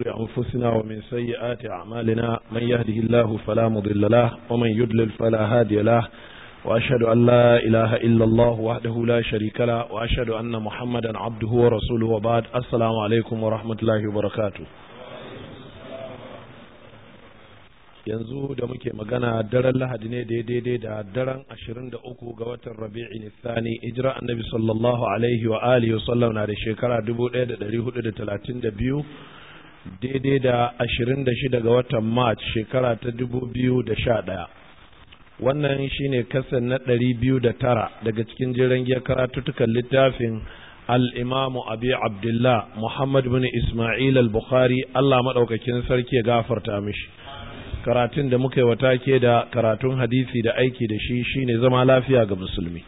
لأنفسنا ومن سيئات أعمالنا Amalina يهده الله فلا مضل له ومن يضلل فلا هادي له وأشهد أن لا إله إلا الله وحده لا شريك له وأشهد أن محمدا عبده ورسوله وبعد السلام عليكم ورحمة yanzu da muke magana daren lahadi ne daidai da daren ashirin da uku ga watan rabi'i nisani ijira annabi sallallahu alaihi wa alihi na da shekara dubu ɗaya da ɗari hudu da talatin da biyu daidai da da 26 ga watan march shekara ta da 2011 wannan shine kasan na biyu da tara daga cikin jiran giyar karatuttukan littafin al'imamu abi abdullah muhammad bin ismail al-bukhari allah maɗaukakin sarki ya gafarta mishi karatun da muka yi wata ke da karatun hadisi da aiki da shi shine zama lafiya ga musulmi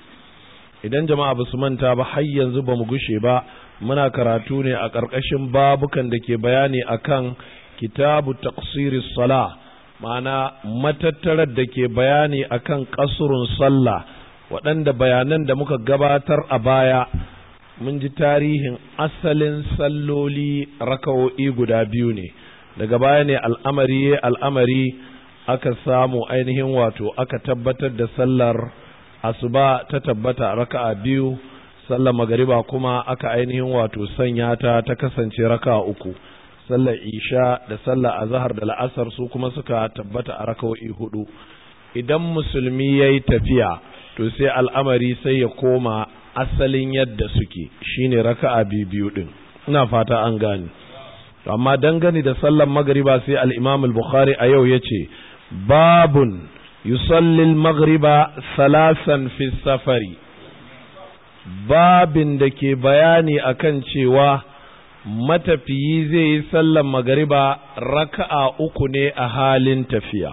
idan jama'a ba su manta ba har yanzu ba mu gushe ba muna karatu ne a ƙarƙashin babukan da ke bayani akan kitabu taqsiri sala ma'ana matattarar da ke bayani akan kasurun sallah waɗanda bayanan da muka gabatar a baya mun ji tarihin asalin salloli raka'o'i guda biyu ne daga baya ne al'amari al'amari aka samu ainihin wato aka tabbatar da sallar asuba ta tabbata raka'a biyu sallar magariba kuma aka ainihin wato sanya ta ta kasance raka uku sallar isha da sallar azahar da la'asar su kuma suka tabbata a raka'o'i hudu idan musulmi ya yi tafiya to sai al'amari sai ya koma asalin yadda suke shine raka'a biyu din ina fata an gane amma dangane da sallar magariba sai al bukhari a yau ya ce babun yusallin magariba salasan fi safari babin da ke bayani akan cewa matafiyi zai yi sallar magariba raka'a uku ne a halin tafiya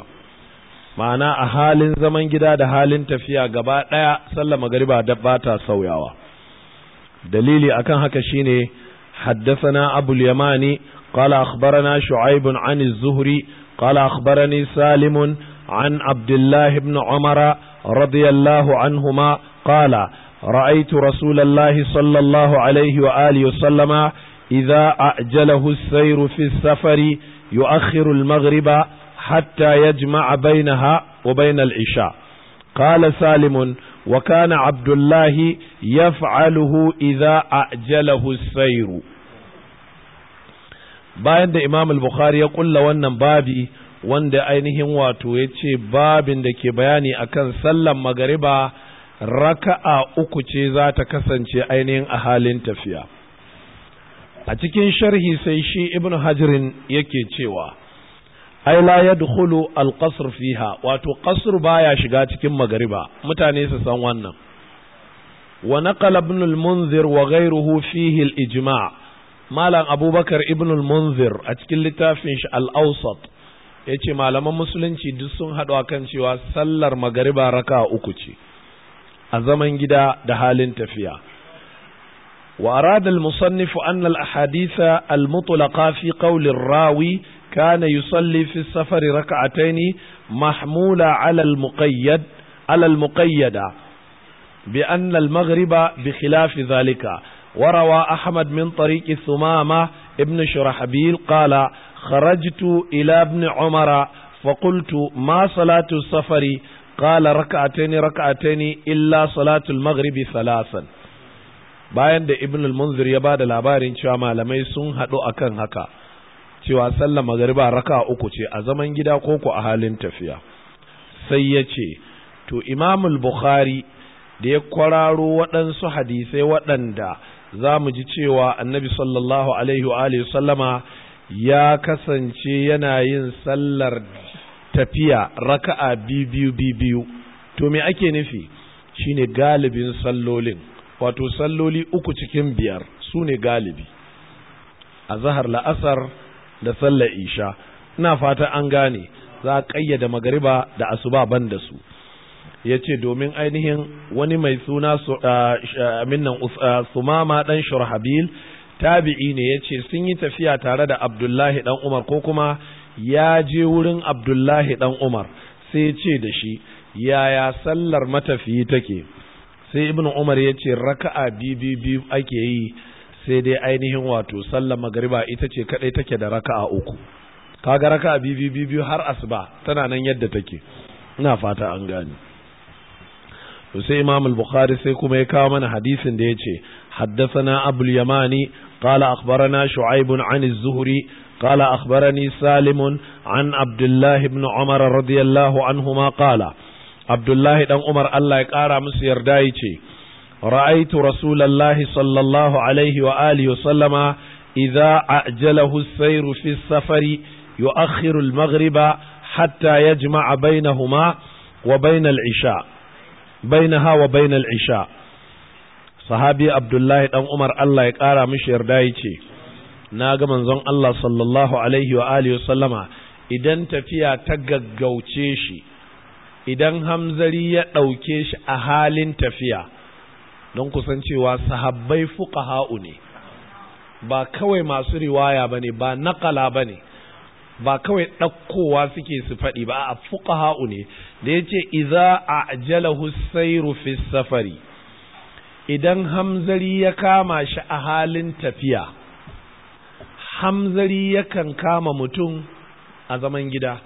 ma'ana a halin zaman gida da halin tafiya gaba ɗaya sallar magariba da ba ta sauyawa dalili akan haka shine haddasana أبو اليماني قال أخبرنا شعيب an الزهري Zuhri, Qala Akhbarani عن عبد الله بن عمر رضي الله عنهما رأيت رسول الله صلى الله عليه وآله وسلم إذا أعجله السير في السفر يؤخر المغرب حتى يجمع بينها وبين العشاء قال سالم وكان عبد الله يفعله إذا أعجله السير bayan da Imam al-Bukhari ya kulla wannan babi wanda ainihin wato yace babin da ke bayani akan sallan magariba raka'a uku ce za ta kasance ainihin a halin tafiya a cikin sharhi sai shi ibn hajirin yake cewa ai la yadkhulu al-qasr fiha wato qasr baya shiga cikin magariba mutane su san wannan wa naqala ibn al-munzir wa ghayruhu fihi al-ijma' malam abubakar ibn munzir a cikin littafin shi al-awsat yace malaman musulunci duk sun haɗu kan cewa sallar magariba raka'a uku ce a zaman gida da halin tafiya wa arada al-musannif anna al-ahadith al-mutlaqa fi qawli ar-rawi kana yusalli fi as safar rak'atayn mahmula 'ala al-muqayyad 'ala al-muqayyada bi anna al-maghriba bi khilaf dhalika Wa وروى أحمد من طريق ثمامة ibn Shurahbil qala kharajtu ila ibn عمر فقلت ما صلاة السفر qala raka'ataini raka'ataini illa salatul maghribi salasan bayan da ibn al-munzir ya bada labarin cewa malamai sun haɗu a kan haka cewa sallar magariba raka uku ce a zaman gida ko ku a halin tafiya sai ya ce to imamul bukhari da ya kwararo waɗansu hadisai waɗanda za mu ji cewa annabi sallallahu alaihi wa sallama ya kasance yana yin sallar tafiya raka'a biyu biyu to me ake nufi shine galibin sallolin wato salloli uku cikin biyar su ne galibi a zahar la'asar da sallar isha ina fata an gane za a ƙayyada magariba da asuba ban da su ya ce domin ainihin wani mai suna minnan sumama ɗan shurhabil tabi'i ne ya ce sun yi tafiya tare da abdullahi ɗan umar ko kuma ya je wurin abdullahi dan umar sai ce da shi yaya sallar matafiyi take sai ibn umar ya ce raka'a biyu ake yi sai dai ainihin wato sallar magariba ita ce kadai take da raka'a uku kaga raka'a biyu har asuba tana nan yadda take ina fata an gane to sai imam al-bukhari sai kuma ya kawo mana hadisin da yace haddathana abul yamani qala akhbarana shu'aib an az-zuhri قال أخبرني سالم عن عبد الله بن عمر رضي الله عنهما قال عبد الله بن عمر الله يقارى مسير دايتي رأيت رسول الله صلى الله عليه وآله وسلم إذا أعجله السير في السفر يؤخر المغرب حتى يجمع بينهما وبين العشاء بينها وبين العشاء صحابي عبد الله بن عمر الله يقارى مسير دايتي na ga manzon Allah sallallahu alaihi wa alihi sallama idan tafiya ta gaggauce shi idan hamzari ya ɗauke shi a halin tafiya don kusancewa sahabbai fuqaha'u ne ba kawai masu riwaya bane ba naqala bane ba kawai ɗaukowa suke su faɗi ba a fuqaha'u ne da yace idza ajalahu sayru fi safari idan hamzari ya kama shi a halin tafiya hamzari yakan kama mutum a zaman gida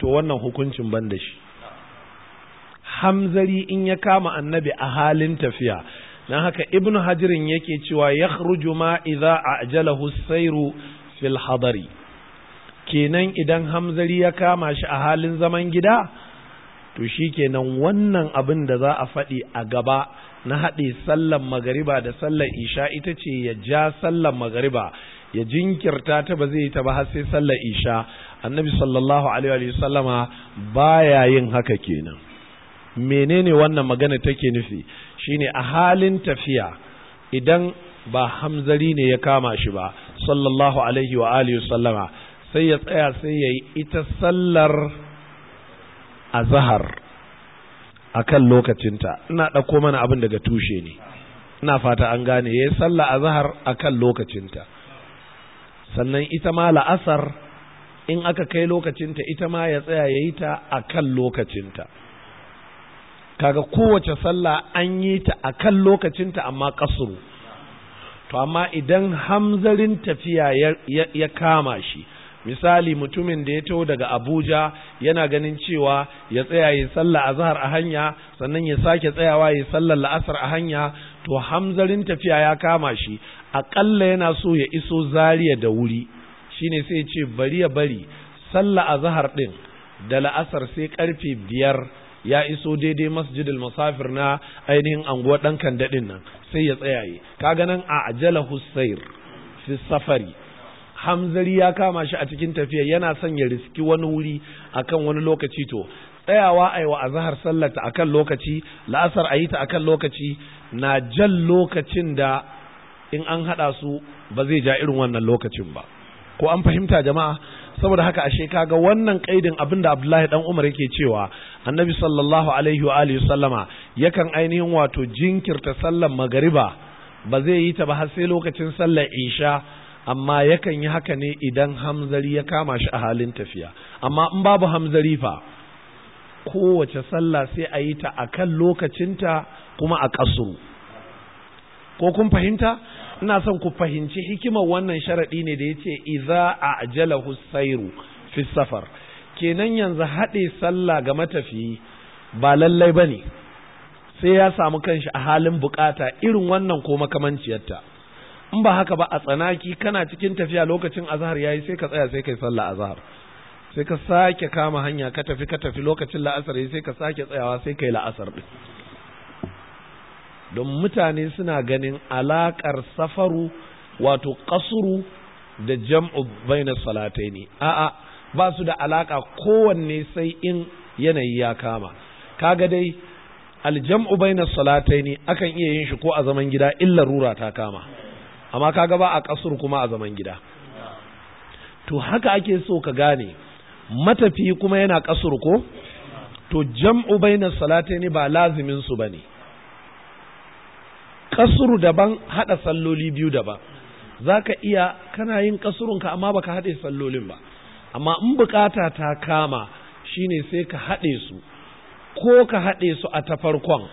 to wannan hukuncin ban da shi hamzari in ya kama annabi a halin tafiya na haka ibnu hajirin yake cewa ruju ma a ajalahu Sairu, fil hadari kenan idan hamzari ya kama shi a halin zaman gida to shi kenan wannan abin da za a faɗi a gaba na haɗe sallan magariba da sallan isha ita ce ya ja sallan magariba ya jinkirta ta ba zai yi ta ba har sai sallar isha annabi sallallahu alaihi wa sallama baya yin haka kenan menene wannan magana take nufi shine a halin tafiya idan ba hamzari ne ya kama shi ba sallallahu alaihi wa alihi sallama sai ya tsaya sai ya yi ita sallar azhar akan lokacinta ina ɗauko mana abin daga tushe ne ina fata an gane ya sallar azhar akan lokacinta sannan ita ma la'asar in aka kai lokacinta ita ma ya tsaya ya yi ta a kan lokacinta kaga kowace sallah an yi ta a kan lokacinta amma kasuru to amma idan hamzarin tafiya ya kama shi misali mutumin da ya taho daga abuja yana ganin cewa ya tsaya ya a zahar a hanya sannan ya sake tsayawa ya sallar la'asar a hanya to hamzarin tafiya ya kama shi aƙalla yana so ya iso zariya da wuri Shi ne sai ce bari ya bari sallah a zahar ɗin da la'asar sai ƙarfe biyar ya iso daidai masjidil musafir na ainihin anguwar ɗan kandaɗin nan sai ya tsayaye kaga nan a ajala hussair fi safari hamzari ya kama shi a cikin tafiya yana son ya riski wani wuri akan wani lokaci to tsayawa a wa azhar sallata akan lokaci la'asar a yi ta akan lokaci na jan lokacin da in an haɗa su ba zai ja irin wannan lokacin ba ko an fahimta jama'a saboda haka ashe kaga wannan kaidin abinda Abdullahi dan Umar yake cewa Annabi sallallahu alaihi wa alihi sallama yakan ainihin wato jinkirta sallar magariba ba zai yi ta ba har sai lokacin sallar isha amma yakan yi haka ne idan hamzari ya kama shi a halin tafiya amma in babu hamzari fa kowace sallah sai a yi ta akan lokacinta kuma a kasuru ko kun fahimta ina son ku fahimci hikimar wannan sharaɗi ne da ya ce iza a ajala husairu fi safar kenan yanzu haɗe sallah ga matafi ba lallai ba ne sai ya samu kanshi a halin bukata irin wannan ko makamanciyarta in ba haka ba a tsanaki kana cikin tafiya lokacin azhar yayi sai ka tsaya sai kai sallah azhar sai ka sake kama hanya ka tafi ka tafi lokacin la'asar sai ka sake tsayawa sai kai la'asar din don mutane suna ganin alaƙar safaru wato kasuru da jam'u bainar salatai ne a'a ba su da alaƙa kowanne sai in yanayi ya kama kaga dai aljam'u baina salataini akan iya yin shi ko a zaman gida illa rura ta kama amma kaga ba a kasuru kuma a zaman gida to haka ake so ka gane matafi kuma yana ƙasuru ko to jam'u bainar salatai ne ba lazimin su bane kasuru daban hada salloli biyu daban zaka iya kana yin kasurunka amma baka hade sallolin ba amma in bukata ta kama shine sai ka hade su ko ka hade su a ta farkon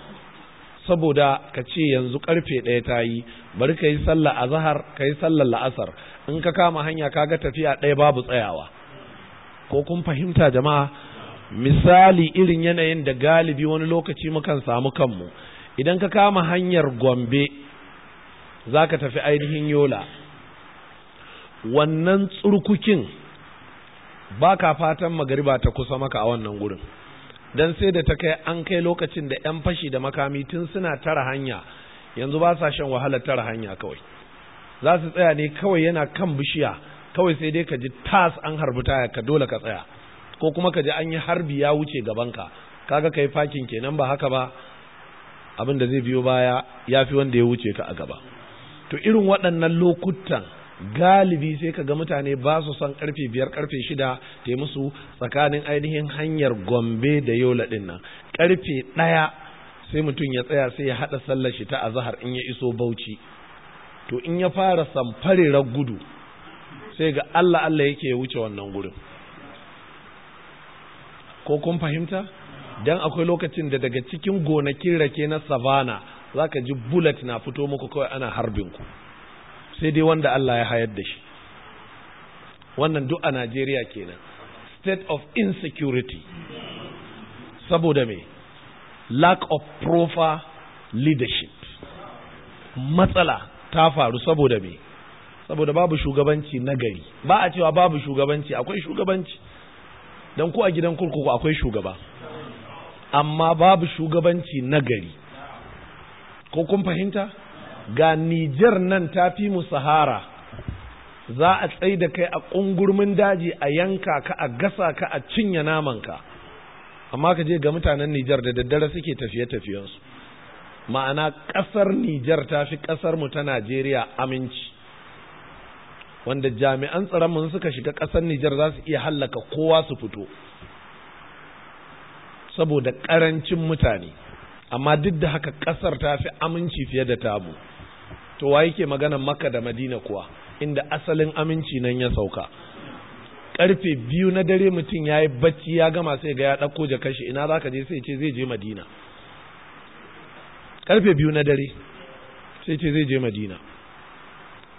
saboda ka ce yanzu karfe ɗaya ta yi bari ka yi sallah a ka yi sallar la'asar in ka kama hanya ka ga tafiya ɗaya babu tsayawa ko kun fahimta jama'a misali irin yanayin da galibi wani lokaci mukan samu kanmu idan ka kama hanyar gombe za ka tafi ainihin yola wannan tsurkukin ba ka fatan magariba ta kusa maka a wannan gurin don sai da ta kai an kai lokacin da 'yan fashi da makami tun suna tara hanya yanzu ba sa shan wahala tara hanya kawai za su tsaya ne kawai yana kan bishiya kawai sai dai ka ji tas an harbi taya ka dole ka tsaya ko kuma ka ji an yi harbi ya wuce gabanka kaga yi fakin kenan ba haka ba abin da zai biyo baya ya fi wanda ya wuce ka a gaba to irin waɗannan lokutan galibi sai ka ga mutane ba su son karfe biyar karfe shida ta musu tsakanin ainihin hanyar gombe da yola ɗin nan karfe ɗaya sai mutum ya tsaya sai ya haɗa sallar shi ta azahar in ya iso bauchi to in ya fara samfarerar gudu sai ga allah allah yake ya wuce wannan gurin ko kun fahimta dan akwai lokacin da daga cikin gonakin rake na savana zaka ji bullet na fito muku kawai ana harbin ku sai dai wanda Allah ya hayar da shi wannan duk a Najeriya kenan state of insecurity saboda me lack of proper leadership matsala ta faru saboda me saboda babu shugabanci na ba a cewa babu shugabanci akwai shugabanci Dan ku a gidan kurkuku akwai shugaba amma babu shugabanci nagari ko kun fahimta ga Nijar nan ta fi mu sahara za a tsai da kai a ƙungurmin daji a yanka ka a gasa ka a cinye namanka amma ka je ga mutanen Nijar da daddare suke tafiye-tafiyensu ma'ana ƙasar Nijar ta fi ƙasar mu ta Najeriya aminci wanda jami'an tsaron mun suka shiga ƙasar Nijar za su iya hallaka kowa su fito saboda ƙarancin mutane amma duk da haka ƙasar ta fi aminci fiye da tabu, to wa yake magana maka da madina kuwa inda asalin aminci nan ya sauka karfe biyu na dare mutum ya yi bacci ya gama sai ga ya ɗauko da kashi ina za ka je sai ce zai je madina karfe biyu na dare sai ce zai je madina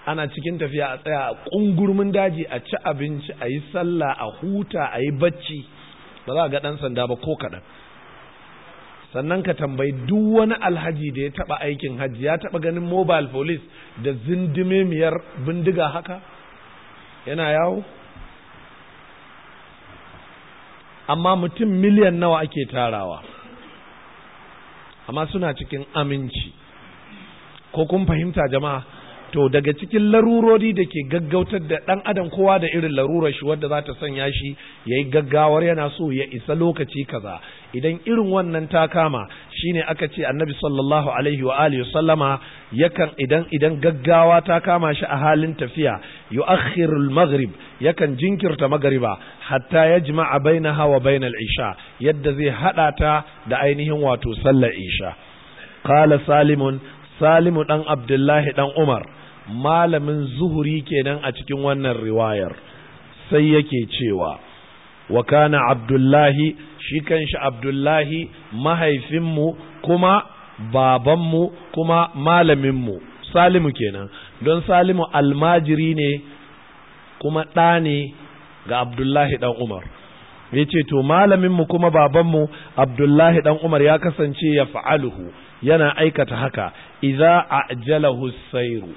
ana cikin tafiya a tsaya a ƙungurmin daji a ci abinci a yi sallah a huta a yi bacci ba za a ga ɗan sanda ba ko kaɗan sannan ka tambayi duk wani alhaji da ya taɓa aikin hajji ya taɓa ganin mobile police da zindimemiyar bindiga haka yana yawo amma mutum miliyan nawa ake tarawa amma suna cikin aminci ko kun fahimta jama'a to daga cikin larurori da ke gaggautar da ɗan adam kowa da irin larurar shi wadda za ta sanya shi ya yi gaggawar yana so ya isa lokaci kaza idan irin wannan ta kama shine aka ce annabi sallallahu alaihi wa alihi sallama yakan idan idan gaggawa ta kama shi a halin tafiya yu'akhkhiru al-maghrib yakan jinkirta magriba hatta yajma'a bainaha wa bainal isha yadda zai hada ta da ainihin wato sallar isha qala salimun salimu dan abdullahi dan umar malamin zuhuri kenan a cikin wannan riwayar sai yake cewa wa kana abdullahi shi kanshi abdullahi mahaifinmu kuma babanmu kuma malaminmu salimu kenan don salimu almajiri ne kuma ɗa ne ga abdullahi ɗan umar ya ce to malaminmu kuma babanmu abdullahi ɗan umar ya kasance ya fa'aluhu yana aikata haka iza a Hussairu.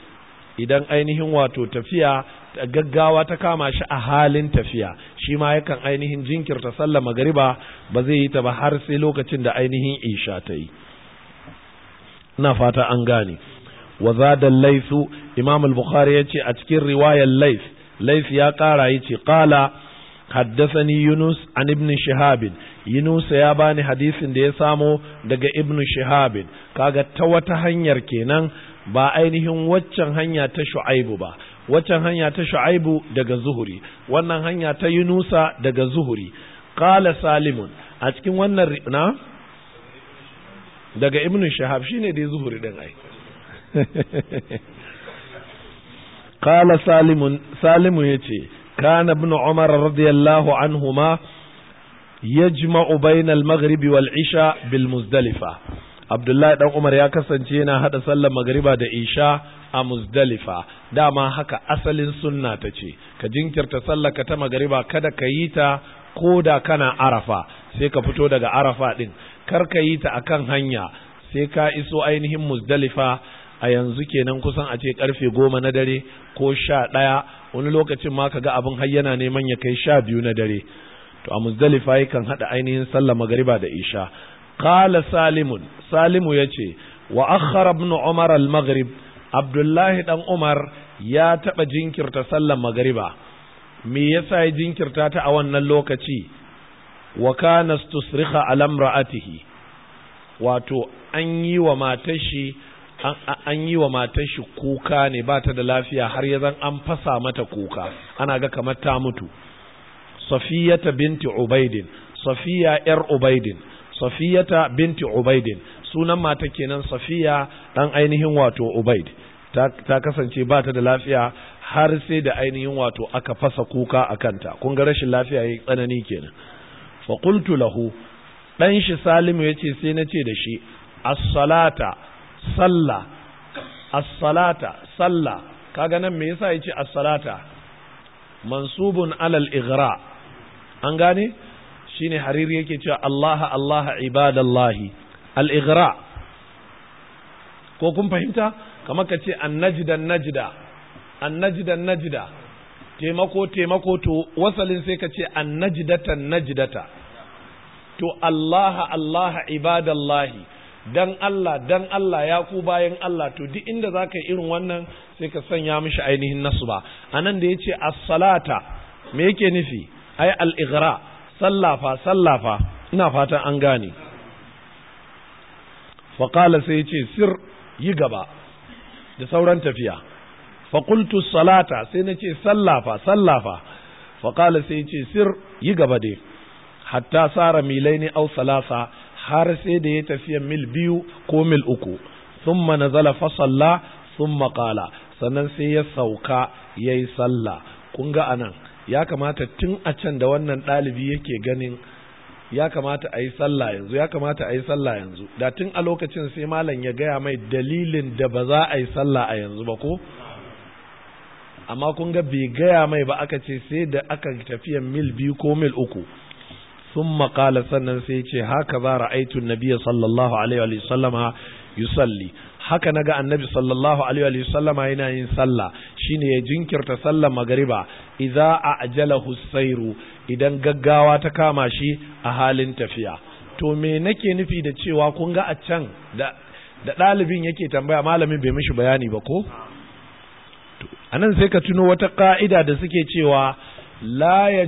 idan ainihin wato tafiya gaggawa ta kama shi a halin tafiya shi ma yakan ainihin jinkirta sallar magariba ba zai yi ta ba har sai lokacin da ainihin isha ta yi ina fata an gane wa zada laifu imam al-bukhari yace a cikin riwayar laif laif ya kara yace qala ni Yunus an ibn Shihabin. Yunus ya bani hadisin da ya samo daga ibn shihab kaga ta wata hanyar kenan ba ainihin waccan hanya ta shu'aibu ba waccan hanya ta shu'aibu daga zuhuri wannan hanya ta yunusa daga zuhuri qala salimun a cikin wannan na daga ibnu shahab shine dai zuhuri din ai qala salimun salimu yace kana ibnu umar radiyallahu anhuma yajma'u bainal maghribi wal isha bil muzdalifa Abdullahi dan Umar ya kasance yana haɗa sallar magariba da isha a Muzdalifa dama haka asalin sunna ta ce ka jinkirta sallar ka ta magariba kada ka yi ta ko da kana Arafa sai ka fito daga Arafa ɗin. kar ka yi ta a kan hanya sai ka iso ainihin Muzdalifa a yanzu kenan kusan a ce karfe goma na dare ko sha ɗaya wani lokacin ma ka ga abin har yana neman ya kai sha biyu na dare to a Muzdalifa yakan haɗa ainihin sallar magariba da isha qala salimun salimu yace wa akhara ibn al-maghrib abdullahi dan umar ya taɓa jinkirta sallar magariba, me yasa ya jinkirta ta a wannan lokaci wa kana stusriha ala imra'atihi wato an yi wa an yi wa matar shi kuka ne bata da lafiya har ya zan an fasa mata kuka ana ga kamar ta mutu safiyata binti ubaidin safiya yar ubaidin safiyata binti ubaidin sunan mata kenan safiya dan ainihin wato ubaid ta kasance ba ta da lafiya har sai da ainihin wato aka fasa kuka a kanta kun ga rashin lafiya yayi tsanani kenan fa qultu lahu dan shi salimu yace sai na ce da shi as-salata salla as-salata salla kaga nan me yasa yace as-salata mansubun alal igra, an gane shine hariri yake cewa Allah Allah ibadallahi al-ighra ko kun fahimta kamar ka ce annajda najda annajda najda taimako taimako to wasalin sai ka ce annajdata najdata to Allah Allah ibadallahi dan Allah dan Allah ya ku bayan Allah to duk inda zaka yi irin wannan sai ka sanya mishi ainihin nasu anan da yace as-salata me yake nufi ai al-ighra sallafa sallafa ina fatan an gane faƙala sai ce sir yi gaba da sauran tafiya faƙultu salata sai na ce sallafa sallafa faƙala sai ce sir yi gaba dai hatta tsara milai ne au salasa har sai da ya tafiya mil biyu ko mil uku sun nazala fa salla sun qala sannan sai ya sauka yayi sallah kun ga anan ya kamata tun a can da wannan ɗalibi yake ganin ya kamata a yi sallah yanzu ya kamata a yi sallah yanzu da tun a lokacin sai malam ya gaya mai dalilin da ba za a yi sallah a yanzu ba ko amma kun ga bai gaya mai ba aka ce sai da aka tafiya mil biyu ko mil uku sun maƙala sannan sai ce haka ba ra'aitun nabiya sallallahu alaihi wa sallama yusalli haka na ga annabi sallallahu alaihi wa sallam yana yin sallah shine ya jinkirta sallar magariba idza ajalahu sairu idan gaggawa ta kama shi a halin tafiya to me nake nufi da cewa kun ga a can da da ɗalibin yake tambaya malamin bai mishi bayani ba ko anan sai ka tuno wata ƙa'ida da suke cewa la ya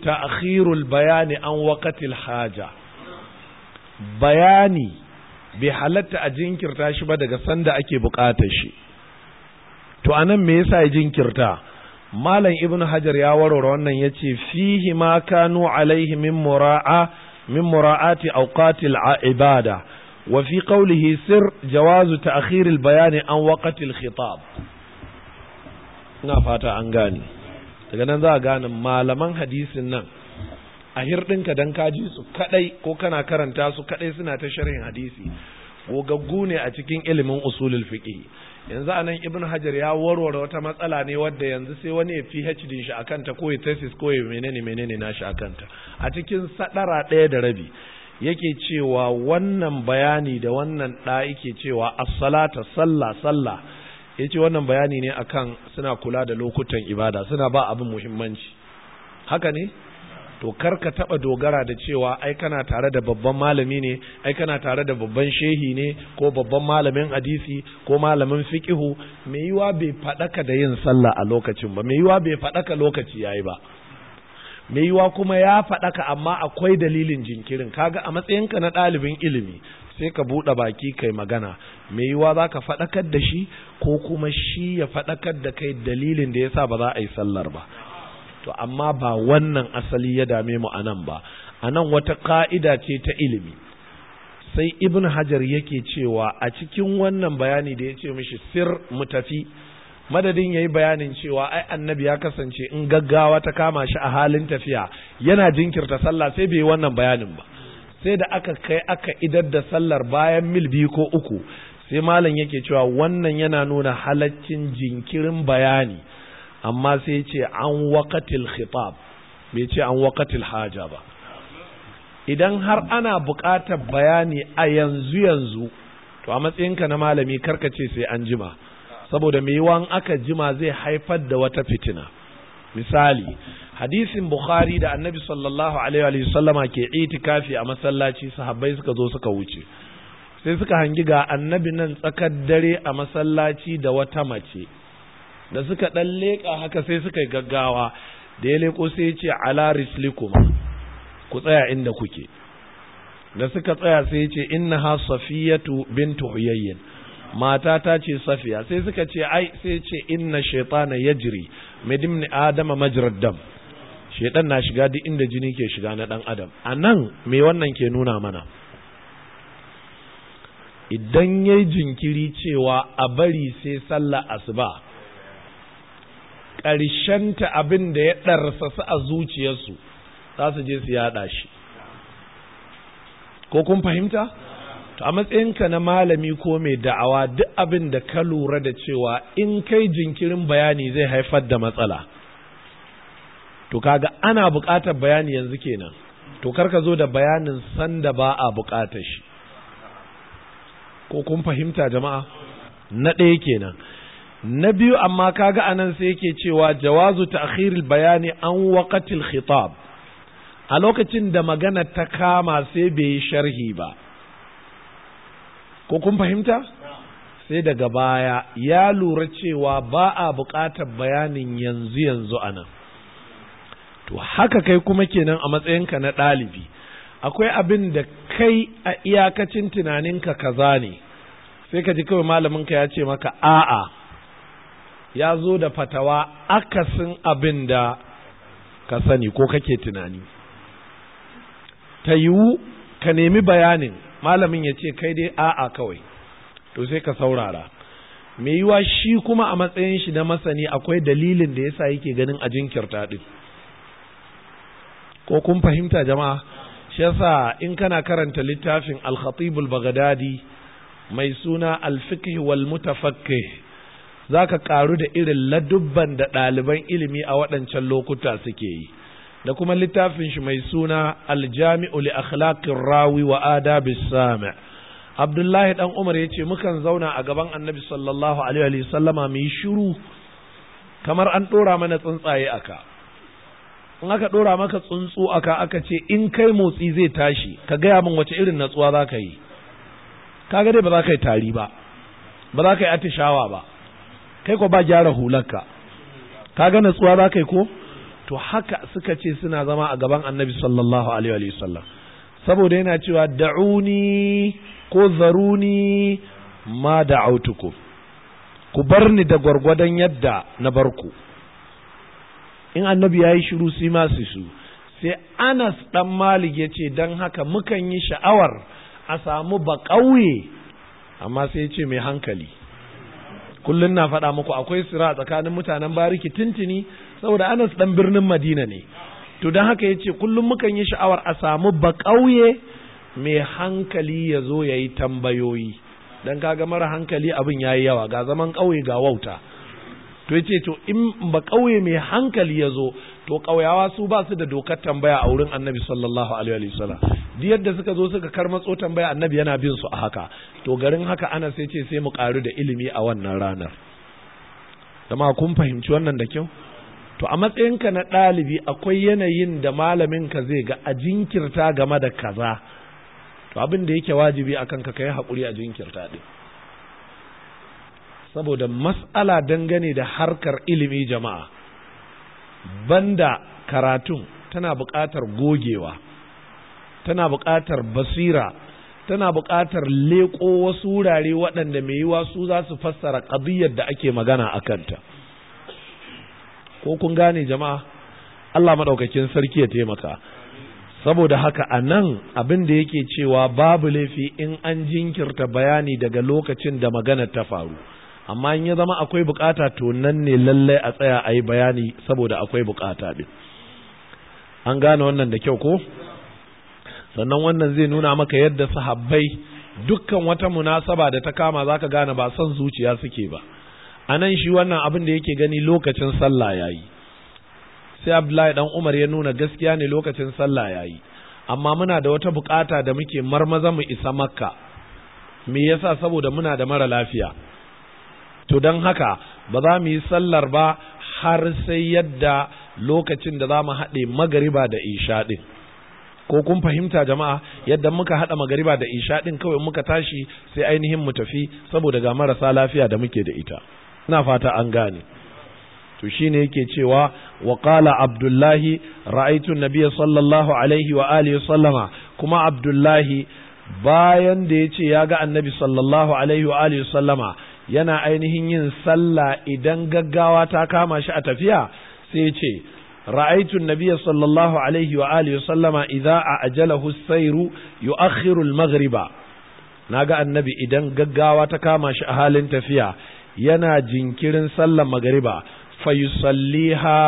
ta'khirul bayani an waƙatil haja bayani bai halatta a jinkirta shi ba daga sanda ake bukatar shi to anan me yasa ya jinkirta malam ibn hajar ya warware wannan yace fihi ma kanu alaihi min mura'a min mura'ati awqatil ibada wa fi qawlihi sir jawazu ta'khir al bayan an waqtil khitab ina fata an gane daga nan za a gane malaman hadisin nan a hirɗinka don kaji su kaɗai ko kana karanta su kaɗai suna ta sharhin hadisi gogaggu ne a cikin ilimin usulul fiqh yanzu anan ibn hajar ya warware wata matsala ne wadda yanzu sai wani ya phd shi akan ta ko ya thesis ko menene menene nashi akan ta a cikin saɗara ɗaya da rabi yake cewa wannan bayani da wannan ɗa yake cewa as-salata sallah sallah yace wannan bayani ne akan suna kula da lokutan ibada suna ba abin muhimmanci haka ne to kar ka taba dogara da cewa ai kana tare da babban malami ne ai kana tare da babban shehi ne ko babban malamin hadisi ko malamin fiqihu me yiwa bai faɗaka da yin sallah a lokacin ba me yiwa bai faɗaka lokaci yayi ba me yiwa kuma ya faɗaka amma akwai dalilin jinkirin kaga a matsayinka na ɗalibin ilimi sai ka buɗe baki kai magana me yiwa za ka faɗakar da shi ko kuma shi ya faɗakar da kai dalilin da yasa ba za a yi sallar ba to amma ba wannan asali ya dame mu anan ba anan wata ka'ida ce ta ilimi sai ibn hajar yake cewa a cikin wannan bayani da ya ce mishi sir mu tafi madadin yayi bayanin cewa ai annabi ya kasance in gaggawa ta kama shi a halin tafiya yana jinkirta sallah sai bai wannan bayanin ba sai da aka kai aka idar da sallar bayan mil biyu ko uku sai malam yake cewa wannan yana nuna halaccin jinkirin bayani amma sai ce an waqatil khitab bai ce an waqatil haja ba idan har ana buƙatar bayani a yanzu yanzu to a matsayinka na malami karka ce sai an jima saboda mai yiwuwa aka jima zai haifar da wata fitina misali hadisin bukhari da annabi sallallahu alaihi wa sallama ke itikafi a masallaci sahabbai suka zo suka wuce sai suka hangi ga annabi nan tsakar dare a masallaci da wata mace da suka dan leka haka sai suka yi gaggawa da ya leko sai ya ce ala rislikum ku tsaya inda kuke da suka tsaya sai ya ce innaha safiyatu bintu huyayyin mata ta ce safiya sai suka ce ai sai ce inna shaytana yajri midimni adama majrad dam shaytan na shiga duk inda jini ke shiga na dan adam anan me wannan ke nuna mana idan yayi jinkiri cewa a bari sai sallah asuba ta abin da ya su a zuciyarsu za su je su yaɗa shi ko kun fahimta to a matsayinka na malami ko mai da'awa duk abin da ka lura da cewa in kai jinkirin bayani zai haifar da matsala to kaga ana buƙatar bayani yanzu kenan to karka zo da bayanin sanda ba a buƙatar shi ko kun fahimta jama'a na ɗaya kenan na biyu amma kaga anan sai yake cewa jawazu ta'khiril bayani an waqatil khitab a lokacin da magana ta kama sai bai yi sharhi ba ko kun fahimta sai daga baya ya lura cewa ba a buƙatar bayanin yanzu yanzu anan to haka kai kuma kenan a matsayinka na ɗalibi akwai abin da kai a iyakacin tunaninka kaza ne sai ka ji kawai malaminka ya ce maka a'a ya zo da fatawa akasin abin da ka sani ko kake tunani ta yiwu ka nemi bayanin malamin ya ce kai dai a'a kawai to sai ka saurara Me yiwa shi kuma a matsayin shi na masani akwai dalilin da yasa yake ganin a jinkirta din ko kun fahimta jama'a shi yasa in kana karanta littafin al-khatib mai suna al-fiqh wal za ka ƙaru da irin ladubban da ɗaliban ilimi a waɗancan lokuta suke yi da kuma littafin shi mai suna aljami'u li akhlaqir rawi wa adabi sami abdullahi dan umar ya ce mukan zauna a gaban annabi sallallahu alaihi wa sallama mu yi shiru kamar an ɗora mana tsuntsaye aka in aka ɗora maka tsuntsu aka aka ce in kai motsi zai tashi ka gaya min wace irin natsuwa za ka yi kaga dai ba za ka yi tari ba ba za ka yi atishawa ba kai ko ba gyara hularka ka ga natsuwa za kai ko to haka suka ce suna zama a gaban annabi sallallahu alaihi wa saboda yana cewa da'uni ko zaruni ma da'autuku ku bar ni da gwargwadon yadda na bar ku in annabi ya yi shiru sai ma su su sai anas dan malik ya ce don haka mukan yi sha'awar a samu ba ƙauye amma sai ya ce mai hankali kullun na faɗa muku akwai sira tsakanin mutanen bariki tintini saboda Anas ɗan birnin Madina ne to don haka ya ce kullum mukan yi sha'awar a samu ba ƙauye mai hankali ya zo ya yi tambayoyi don kaga mara hankali abin ya yi yawa ga zaman ƙauye ga wauta to ya ce to in ba ƙauye mai hankali ya zo to ƙauyawa su ba su da dokar tambaya a wurin annabi sallallahu alaihi wa sallam, duk yadda suka zo suka karmatso tambaya annabi yana bin su a haka to garin haka ana sai ce sai mu ƙaru da ilimi a wannan ranar dama kun fahimci wannan da kyau to a matsayinka na ɗalibi akwai yanayin da malamin ka zai ga a jinkirta game da kaza to abin da yake wajibi akan ka kai haƙuri a jinkirta din. saboda mas'ala dangane da harkar ilimi jama'a banda karatun tana buƙatar gogewa tana buƙatar basira tana buƙatar leƙo wasu wurare waɗanda mai yiwa su za su fassara ƙadiyyar da ake magana a kanta ko kun gane jama'a Allah maɗaukakin sarki ya taimaka saboda haka a nan abin da yake cewa babu laifi in an jinkirta bayani daga lokacin da maganar ta faru amma in ya zama akwai bukata to nan ne lallai a tsaya a yi bayani saboda akwai bukata din an gane wannan da kyau ko sannan wannan zai nuna maka yadda sahabbai dukkan wata munasaba da ta kama zaka gane ba son zuciya suke ba anan shi wannan abin da yake gani lokacin sallah yayi sai Abdullahi dan Umar ya nuna gaskiya ne lokacin sallah yayi amma muna da wata bukata da muke marmaza mu isa Makka me yasa saboda muna da mara lafiya to don haka ba za mu yi sallar ba har sai yadda lokacin da za mu haɗe magariba da isha ɗin ko kun fahimta jama'a yadda muka haɗa magariba da isha ɗin kawai muka tashi sai ainihin mu tafi saboda ga marasa lafiya da muke da ita ina fata an gane to shine yake cewa wa qala abdullahi ra'aytu nabiyya sallallahu alaihi wa alihi sallama kuma abdullahi bayan da yace ya ga annabi sallallahu alaihi wa alihi sallama yana ainihin yin sallah idan gaggawa ta kama shi a tafiya sai ce ra'aitu nabiy sallallahu alaihi wa alihi sallama idza ajalahu as-sayru yu'akhiru al-maghriba naga annabi idan gaggawa ta kama shi a halin tafiya yana jinkirin sallar magriba fayusalliha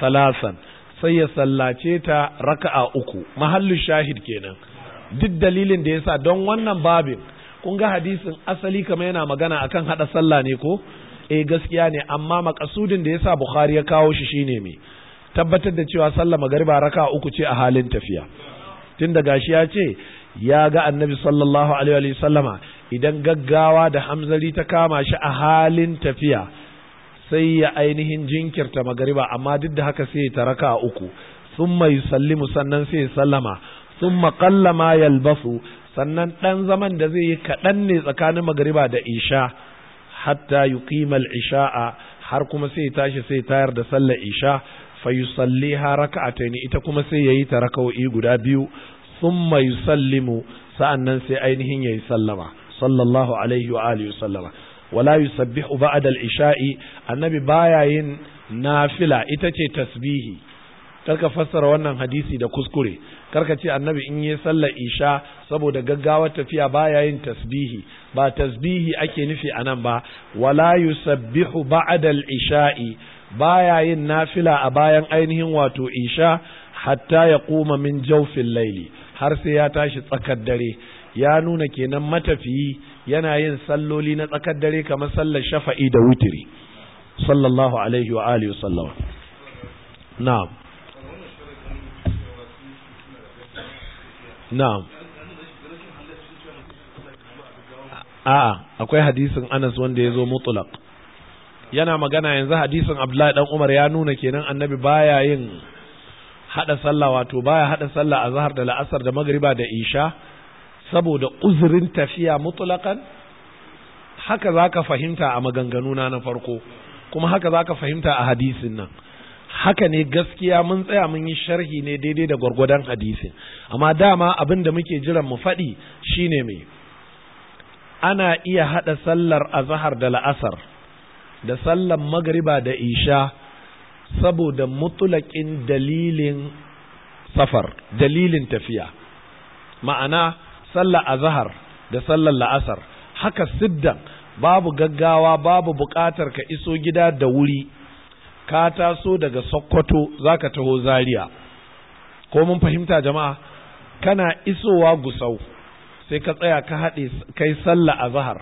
salasan sai ya sallace ta raka'a uku mahallu shahid kenan duk dalilin da yasa don wannan babin kun ga hadisin asali kamar yana magana akan hada sallah ne ko eh gaskiya ne amma makasudin da yasa bukhari ya kawo shi shine me tabbatar da cewa sallah magariba raka uku ce a halin tafiya tun da gashi ya ce ya ga annabi sallallahu alaihi wa sallama idan gaggawa da hamzari ta kama shi a halin tafiya sai ya ainihin jinkirta magariba amma duk da haka sai ta raka uku sun mai sallimu sannan sai sallama sun maƙalla yalbasu sannan ɗan zaman da zai yi kaɗan ne tsakanin magariba da isha hatta yuqimal isha'a har kuma sai tashi sai tayar da sallar isha fa yusalliha raka'atayn ita kuma sai yayi ta raka'o'i guda biyu thumma yusallimu nan sai ainihin yayi sallama sallallahu alaihi wa alihi sallama wala yusabbihu uba Adal ishai annabi baya yin nafila ita ce tasbihi karka fassara wannan hadisi da kuskure karka ce annabi in yi sallar isha saboda gaggawar tafiya baya yin tasbihi ba tasbihi ake nufi a nan ba wala yusabbihu ba'da al-isha'i baya yin nafila a bayan ainihin wato isha hatta ya koma min jawfin laili har sai ya tashi tsakar dare ya nuna kenan matafiyi yana yin salloli na tsakar dare kamar sallar shafa'i da wutiri sallallahu alaihi wa alihi wa sallam na'am na'am a'a akwai hadisin Anas wanda ya zo mutlaq yana magana yanzu hadisin Abdullahi dan Umar ya nuna kenan annabi baya yin hada sallah wato baya hada sallah zahar da la'asar da magriba da isha saboda uzurin tafiya mutulakan haka zaka fahimta a maganganuna na farko kuma haka zaka fahimta a hadisin nan haka ne gaskiya mun tsaya mun yi sharhi ne daidai da gwargwadon hadisi, amma dama abin da muke jiran mu faɗi shine mai ana iya haɗa sallar azahar da la'asar da sallar magariba da isha saboda mutulakin dalilin safar dalilin tafiya ma'ana sallar azahar da sallar la'asar haka siddan babu gaggawa babu buƙatar ka iso gida da wuri ka taso daga sokoto za ka taho Zariya? ko mun fahimta jama'a kana isowa gusau sai ka tsaya ka haɗe kai sallah a zahar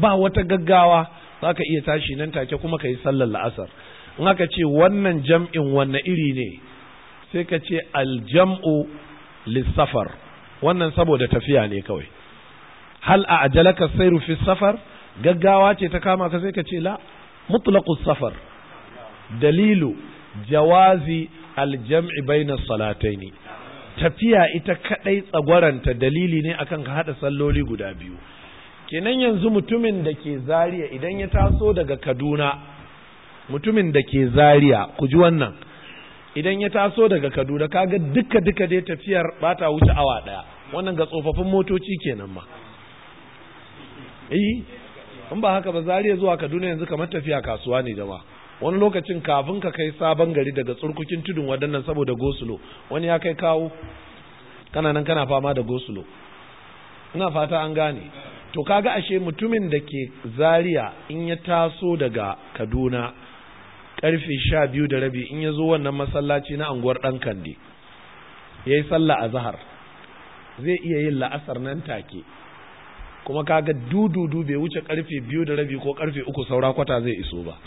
ba wata gaggawa za ka iya tashi nan take kuma ka yi sallar la'asar in aka ce wannan jam'in wanne iri ne sai ka ce aljam'u lissafar wannan saboda tafiya ne kawai hal a ajalaka sairu fi safar gaggawa ce ta kama ka sai ka ce la mutlaqus safar dalilu jawazi aljam'i bainas salataini tafiya ita kadai tsagwaranta dalili ne akan ka hada salloli guda biyu kenan yanzu mutumin da ke Zariya idan ya taso daga kaduna mutumin da ke Zariya ku ji wannan idan ya taso daga kaduna kaga duka duka dai tafiyar ba ta wuce awa daya wannan ga tsofaffin motoci kenan ma eh in ba haka ba Zariya zuwa kaduna yanzu kamar tafiya kasuwa ne da wani lokacin kafin ka kai sabon gari daga tsurkukin tudun waɗannan saboda gosulo wani ya kai kawo kana nan kana fama da gosulo ina fata an gane to kaga ashe mutumin da ke zaria in ya taso daga kaduna karfe sha biyu da rabi in ya zo wannan masallaci na anguwar ɗan Kande ya yi sallah a zahar zai iya yin la'asar nan take kuma kaga dududu bai wuce karfe biyu da rabi ko karfe uku saura kwata zai iso ba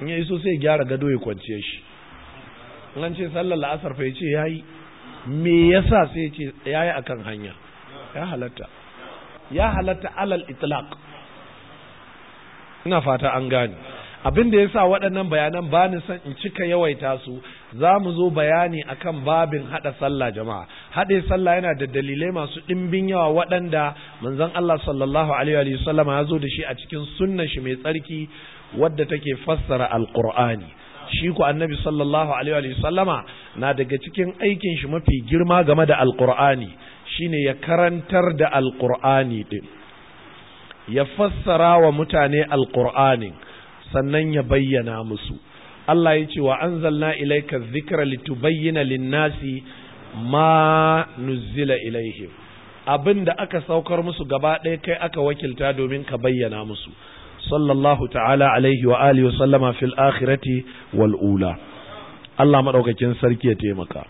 in ya iso sai gyara gado ya kwanciya shi in ce sallar la'asar fa ya ce ya yi me yasa sai ya ce ya yi akan hanya ya halatta ya halatta alal itlaq ina fata an gane abin da ya sa waɗannan bayanan ba ni san in cika yawaita su za mu zo bayani akan babin haɗa sallah jama'a haɗe sallah yana da dalilai masu ɗimbin yawa waɗanda manzon Allah sallallahu alaihi wa sallama ya zo da shi a cikin sunna shi mai tsarki wadda take fassara alqur'ani shi ku annabi sallallahu alaihi wa sallama na daga cikin aikin shi mafi girma game da alqur'ani shine ya karantar da alqur'ani din ya fassara wa mutane alkur'ani sannan ya bayyana musu Allah ya ce wa anzalna ilayka dhikra litubayyana lin-nasi ma nuzila ilaihim abinda aka saukar musu gaba ɗaya kai aka wakilta domin ka bayyana musu sallallahu ta'ala alaihi wa alihi wa sallama fil akhirati wal ula Allah madaukakin sarki ya taimaka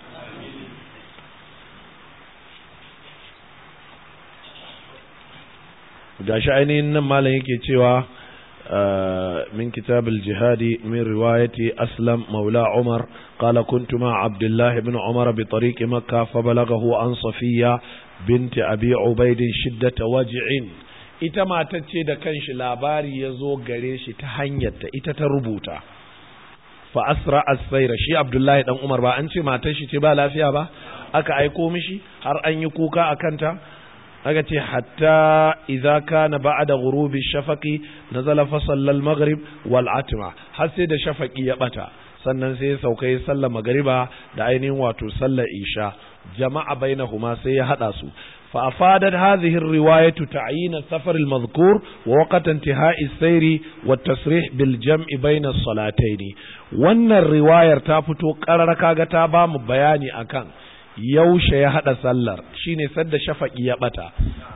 gashi ainihin nan malam yake cewa من كتاب الجهاد من رواية أسلم مولى عمر قال كنت مع عبد الله بن عمر بطريق مكة فبلغه عن صفية بنت أبي عبيد شدة وجع ita ce da kanshi labari ya zo gare shi ta hanyarta ita ta rubuta fa asra as shi Abdullahi dan Umar ba an ce matar shi ce ba lafiya ba aka aiko mishi har an yi kuka a kanta aka ce hatta idza kana ba'da ghurubi shafaqi nazala fa al maghrib wal atma har sai da shafaqi ya bata sannan sai ya sauka ya sallar magriba da ainihin wato sallar isha jama'a bainahuma sai ya hada su فأفادت هذه الرواية تعيين السفر المذكور ووقت انتهاء السير والتصريح بالجمع بين الصلاتين وأن الرواية تافتو ta قتابا مبياني أكان yaushe ya سلر sallar shine شفق يبتا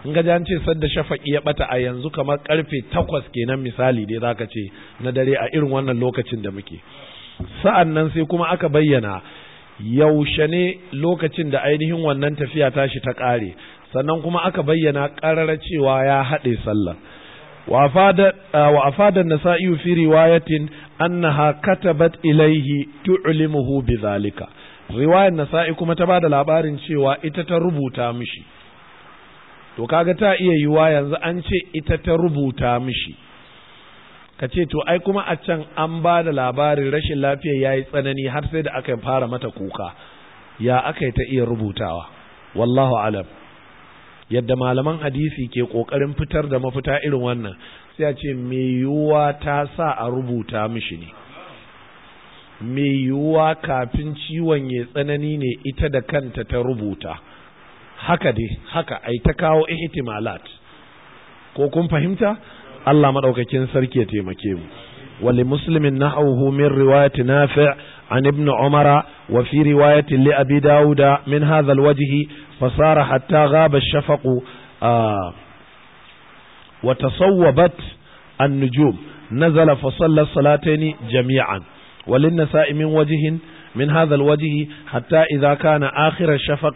ya bata سد شفق an ce ما shafaqi ya bata a yanzu kamar karfe takwas kenan misali dai zaka ce na dare a irin wannan lokacin da muke sa'an sai kuma aka bayyana yaushe ne lokacin da ainihin wannan tafiya tashi ta ƙare sannan kuma aka bayyana ƙarara cewa ya haɗe sallah wa afada nasa'i fi riwayatin annaha katabat ilaihi tu'limuhu bidhalika riwayar nasa'i kuma ta bada labarin cewa ita ta rubuta mishi to kaga ta iya yiwa yanzu an ce ita ta rubuta mishi ka ce to ai kuma a can an ba da labarin rashin lafiya ya yi tsanani har sai da aka fara mata kuka ya aka ta iya rubutawa wallahu alam yadda malaman hadisi ke ƙoƙarin fitar da mafita irin wannan sai a ce mai yiwuwa ta sa a rubuta mishi ne Me yiwuwa kafin ciwon ya tsanani ne ita da kanta ta rubuta haka dai haka ai ta kawo ihtimalat ko kun fahimta Allah maɗaukakin sarki ya taimake mu ولمسلم نحوه من رواية نافع عن ابن عمر وفي رواية لأبي داود من هذا الوجه فصار حتى غاب الشفق آه، وتصوبت النجوم نزل فصلى الصلاتين جميعا وللنساء من وجه من هذا الوجه حتى إذا كان آخر الشفق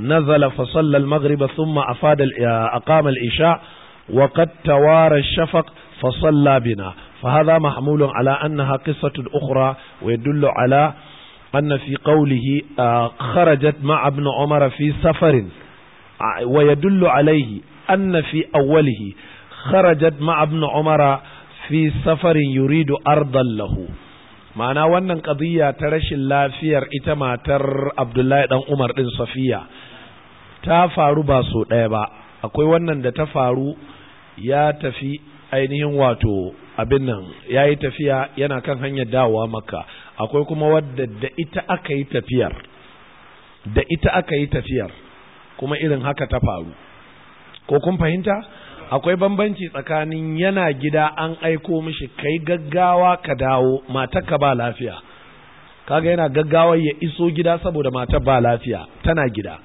نزل فصلى المغرب ثم أفاد آه، أقام الإشاء وقد توارى الشفق فصلى بنا فهذا محمول على أنها قصة أخرى ويدل على أن في قوله خرجت مع ابن عمر في سفر ويدل عليه أن في أوله خرجت مع ابن عمر في سفر يريد أرضا له ma'ana wannan ƙaziyya ta rashin lafiyar ita matar abdullahi ɗan umar ɗin safiya ta faru ba so ɗaya ba akwai wannan da ta faru ya tafi ainihin wato abin nan ya yi tafiya yana kan hanyar dawowa maka akwai kuma wadda da ita aka yi tafiyar da ita aka yi tafiyar kuma irin haka ta faru ko kun fahimta akwai bambanci tsakanin yana gida an aiko mishi kai gaggawa ka dawo matar ka ba lafiya kaga yana gaggawa ya iso gida saboda matar ba lafiya tana gida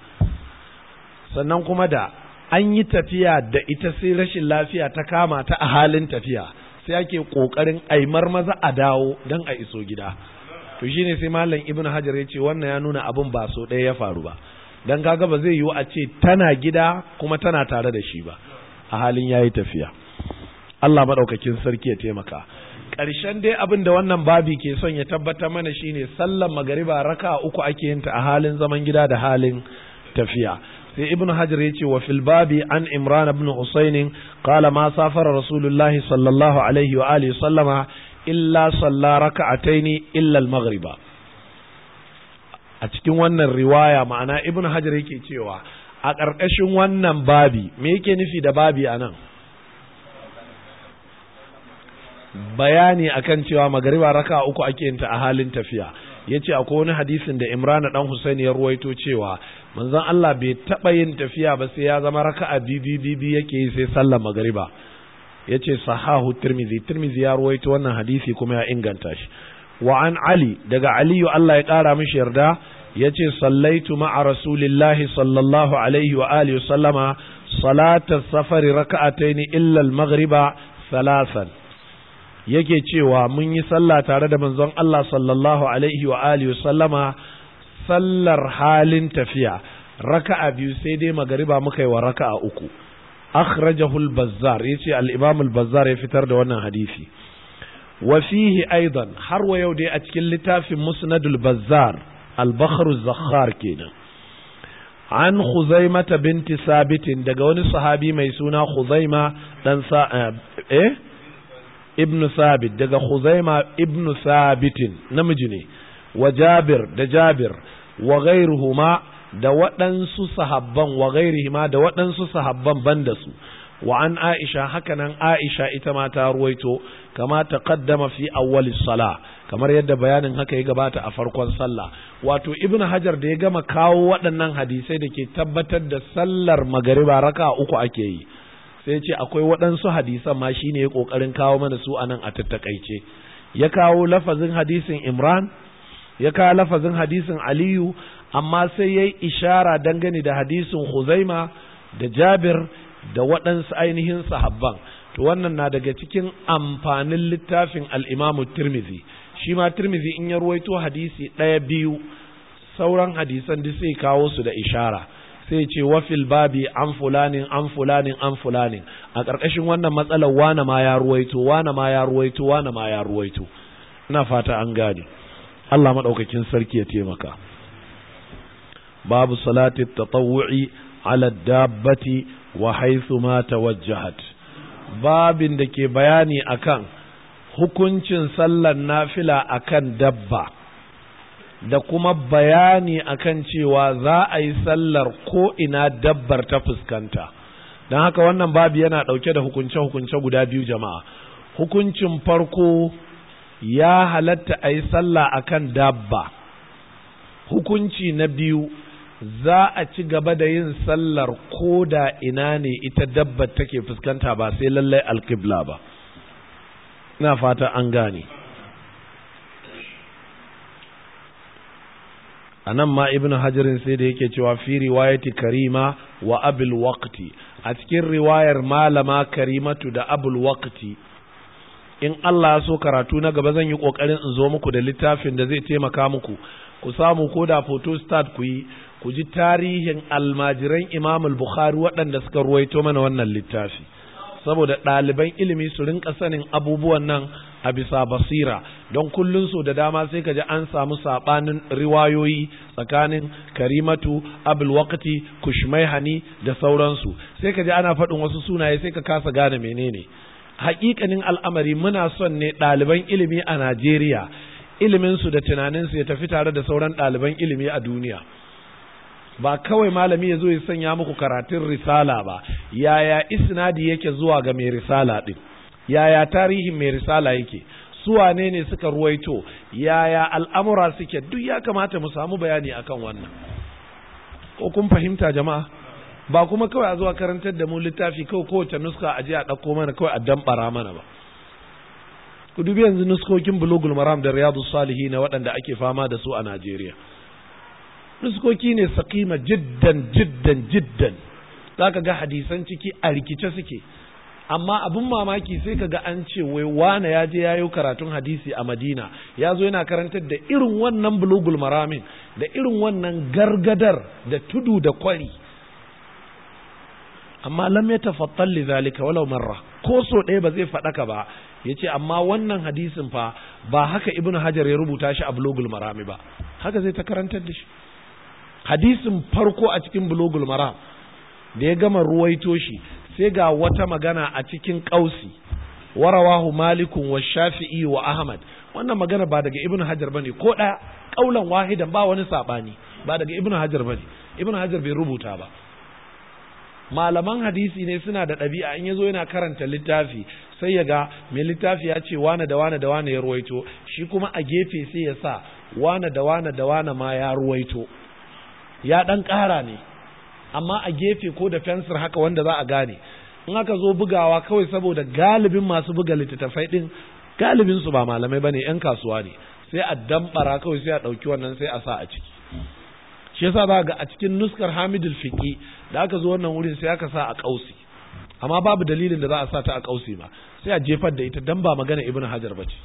sannan kuma da an yi tafiya da ita sai rashin lafiya ta kama ta a halin tafiya sai ake kokarin aimar maza a dawo don a iso gida to shine sai malam ibn hajar ya ce wannan ya nuna abin ba so ɗaya ya faru ba don kaga ba zai yiwu a ce tana gida kuma tana tare da shi ba a halin ya yi tafiya Allah maɗaukakin sarki ya taimaka ƙarshen dai abin da wannan babi ke son ya tabbatar mana shine sallan magariba raka uku ake yinta a halin zaman gida da halin tafiya sai ibnu hajar yace wa fil an Imrana bin husayn qala ma safara rasulullah sallallahu alaihi wa alihi sallama illa salla raka'ataini illa al-maghriba a cikin wannan riwaya ma'ana ibnu hajar yake cewa a ƙarƙashin wannan babi me yake nufi da babi anan bayani akan cewa magariba raka uku ake yinta a halin tafiya yace akwai wani hadisin da Imran dan Husaini ya ruwaito cewa manzon Allah bai taɓa yin tafiya ba sai ya zama raka'a bibi yake yi sai sallar magariba yace sahahu tirmizi tirmizi ya ruwaito wannan hadisi kuma ya inganta shi wa an ali daga aliyu Allah ya ƙara mishi yarda yace sallaitu ma'a rasulillahi sallallahu alaihi wa alihi sallama salata safari raka'ataini illa al-maghriba salasan yake cewa mun yi sallah tare da manzon Allah sallallahu alaihi wa alihi sallama sallar halin tafiya raka'a biyu sai dai magariba muka yi wa raka'a uku akhrajahu al-bazzar yace al-imam al-bazzar ya fitar da wannan hadisi wa fihi aidan har wa yau dai a cikin littafin musnadul bazzar al-bakhr zakhar kenan an khuzaimah binti sabit daga wani sahabi mai suna khuzaima dan sa eh, eh ibn sabit daga khuzaima ibnu sabit namiji ne wa jabir da jabir wa ghairuhuma da waɗansu sahabban wa ghairihima da waɗansu sahabban banda su wa an aisha nan aisha ita ma ta ruwaito kama taqaddama fi awwali sala kamar yadda bayanin haka ya gabata a farkon sallah wato ibnu hajar da ya gama kawo waɗannan hadisai da ke tabbatar da sallar magariba raka uku ake yi sai ce akwai waɗansu hadisan ma shine ya kokarin kawo mana su anan a tattakaice ya kawo lafazin hadisin imran ya kawo lafazin hadisin aliyu amma sai ya yi ishara dangane da hadisin huzaima da jabir da waɗansu ainihin sahabban to wannan na daga cikin amfanin littafin al'imamu tirmizi shi ma tirmizi in ya ruwaito hadisi ɗaya biyu sauran hadisan duk sai kawo su da ishara sai ce wafil babi an fulanin an fulanin an fulanin a ƙarƙashin wannan matsalar wane ma ya ruwaito wane ma ya ruwaito wane ma ya ruwaito ina fata an gane Allah madaukakin sarki ya taimaka babu salati tatawu'i ala dabbati wa haythu ma tawajjahat babin da ke bayani akan hukuncin sallar nafila akan dabba da kuma bayani akan cewa za a yi sallar ko ina dabbar ta fuskanta don haka wannan babu yana ɗauke da hukunce-hukunce guda biyu jama'a hukuncin farko ya halatta a yi sallah a kan dabba hukunci na biyu za a ci gaba da yin sallar ko da ina ne ita dabba take fuskanta ba sai lallai alkibla ba ina fata an gane a nan ma ibn hajarin sai da yake cewa fi riwayati karima wa abul waqti a cikin riwayar malama karimatu da abul waqti in Allah so karatu na gaba zan yi kokarin in zo muku da littafin da zai taimaka muku ku samu ko da photo start ku yi ku ji tarihin almajiran Imam bukhari waɗanda suka ruwaito mana wannan littafi saboda ɗaliban ilimi su rinka sanin abubuwan nan a bisa basira don kullun su da dama sai ka ji an samu sabanin riwayoyi tsakanin karimatu abul waqti kushmaihani da sauransu sai ka ji ana faɗin wasu sunaye sai ka kasa gane menene haƙiƙanin al'amari muna son ne ɗaliban ilimi a Najeriya iliminsu da tunaninsu ya tafi tare da sauran ɗaliban ilimi a duniya ba kawai malami ya zo ya sanya muku karatun risala ba yaya isnadi yake zuwa ga mai risala ɗin yaya tarihin mai risala yake su wane ne suka ruwaito yaya al'amura suke duk ya kamata mu samu bayani akan wannan ko kun fahimta jama'a ba kuma kawai a zuwa karantar da mu littafi kawai kowace nuska a je a ɗauko mana kawai a damɓara mana ba ku dubi yanzu nuskokin bulugul maram da riyadu salihi na waɗanda ake fama da su a najeriya nuskoki ne sakima jiddan jiddan jiddan za ka ga hadisan ciki a rikice suke amma abin mamaki sai ka ga an ce wai wane ya je ya yi karatun hadisi a madina ya zo yana karantar da irin wannan bulugul maramin da irin wannan gargadar da tudu da kwari amma lam yatafattal li zalika walau marra ko so ɗaya ba zai faɗaka ba yace amma wannan hadisin fa ba haka ibn hajar ya rubuta shi a blogul marami ba haka zai ta karantar da shi hadisin farko a cikin blogul maram da ya gama ruwaito shi sai ga wata magana a cikin ƙausi warawahu malikun wa shafi'i wa ahmad wannan magana ba daga ibn hajar bane ko ɗaya ƙaulan wahidan ba wani sabani ba daga ibn hajar bane ibn hajar bai rubuta ba malaman hadisi ne suna da ɗabi'a in ya zo yana karanta littafi sai ya ga mai littafi ya ce wane da wane da wane ya ruwaito shi kuma a gefe sai ya sa wane da wane da wane ma ya ruwaito ya ɗan ƙara ne amma a gefe ko da fensir haka wanda za a gane in aka zo bugawa kawai saboda galibin masu buga littattafai ɗin galibinsu ba malamai ba ne 'yan kasuwa ne sai a damɓara kawai sai a ɗauki wannan sai a sa a ciki shi yasa za ga a cikin nuskar hamidul fiqi da aka zo wannan wurin sai aka sa a kausi amma babu dalilin da za a sa ta a kausi ba sai a jefar da ita dan ba magana ibnu hajar bace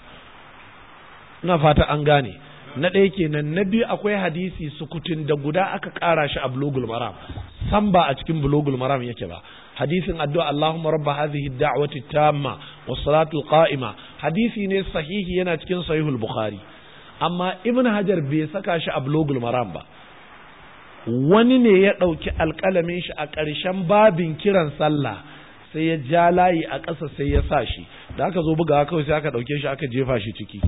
ina fata an gane na ɗaya kenan na biyu akwai hadisi sukutun da guda aka ƙara shi a bulugul maram san ba a cikin bulugul maram yake ba hadisin addu'a Allahumma rabba hadhihi da'wati tamma was salatu qa'ima hadisi ne sahihi yana cikin sahihul bukhari amma ibn hajar bai saka shi a bulugul maram ba wani ne ya ɗauki alƙalamin shi a ƙarshen babin kiran sallah sai ya ja layi a ƙasa sai ya sa shi da aka zo bugawa kawai sai aka ɗauke shi aka jefa shi ciki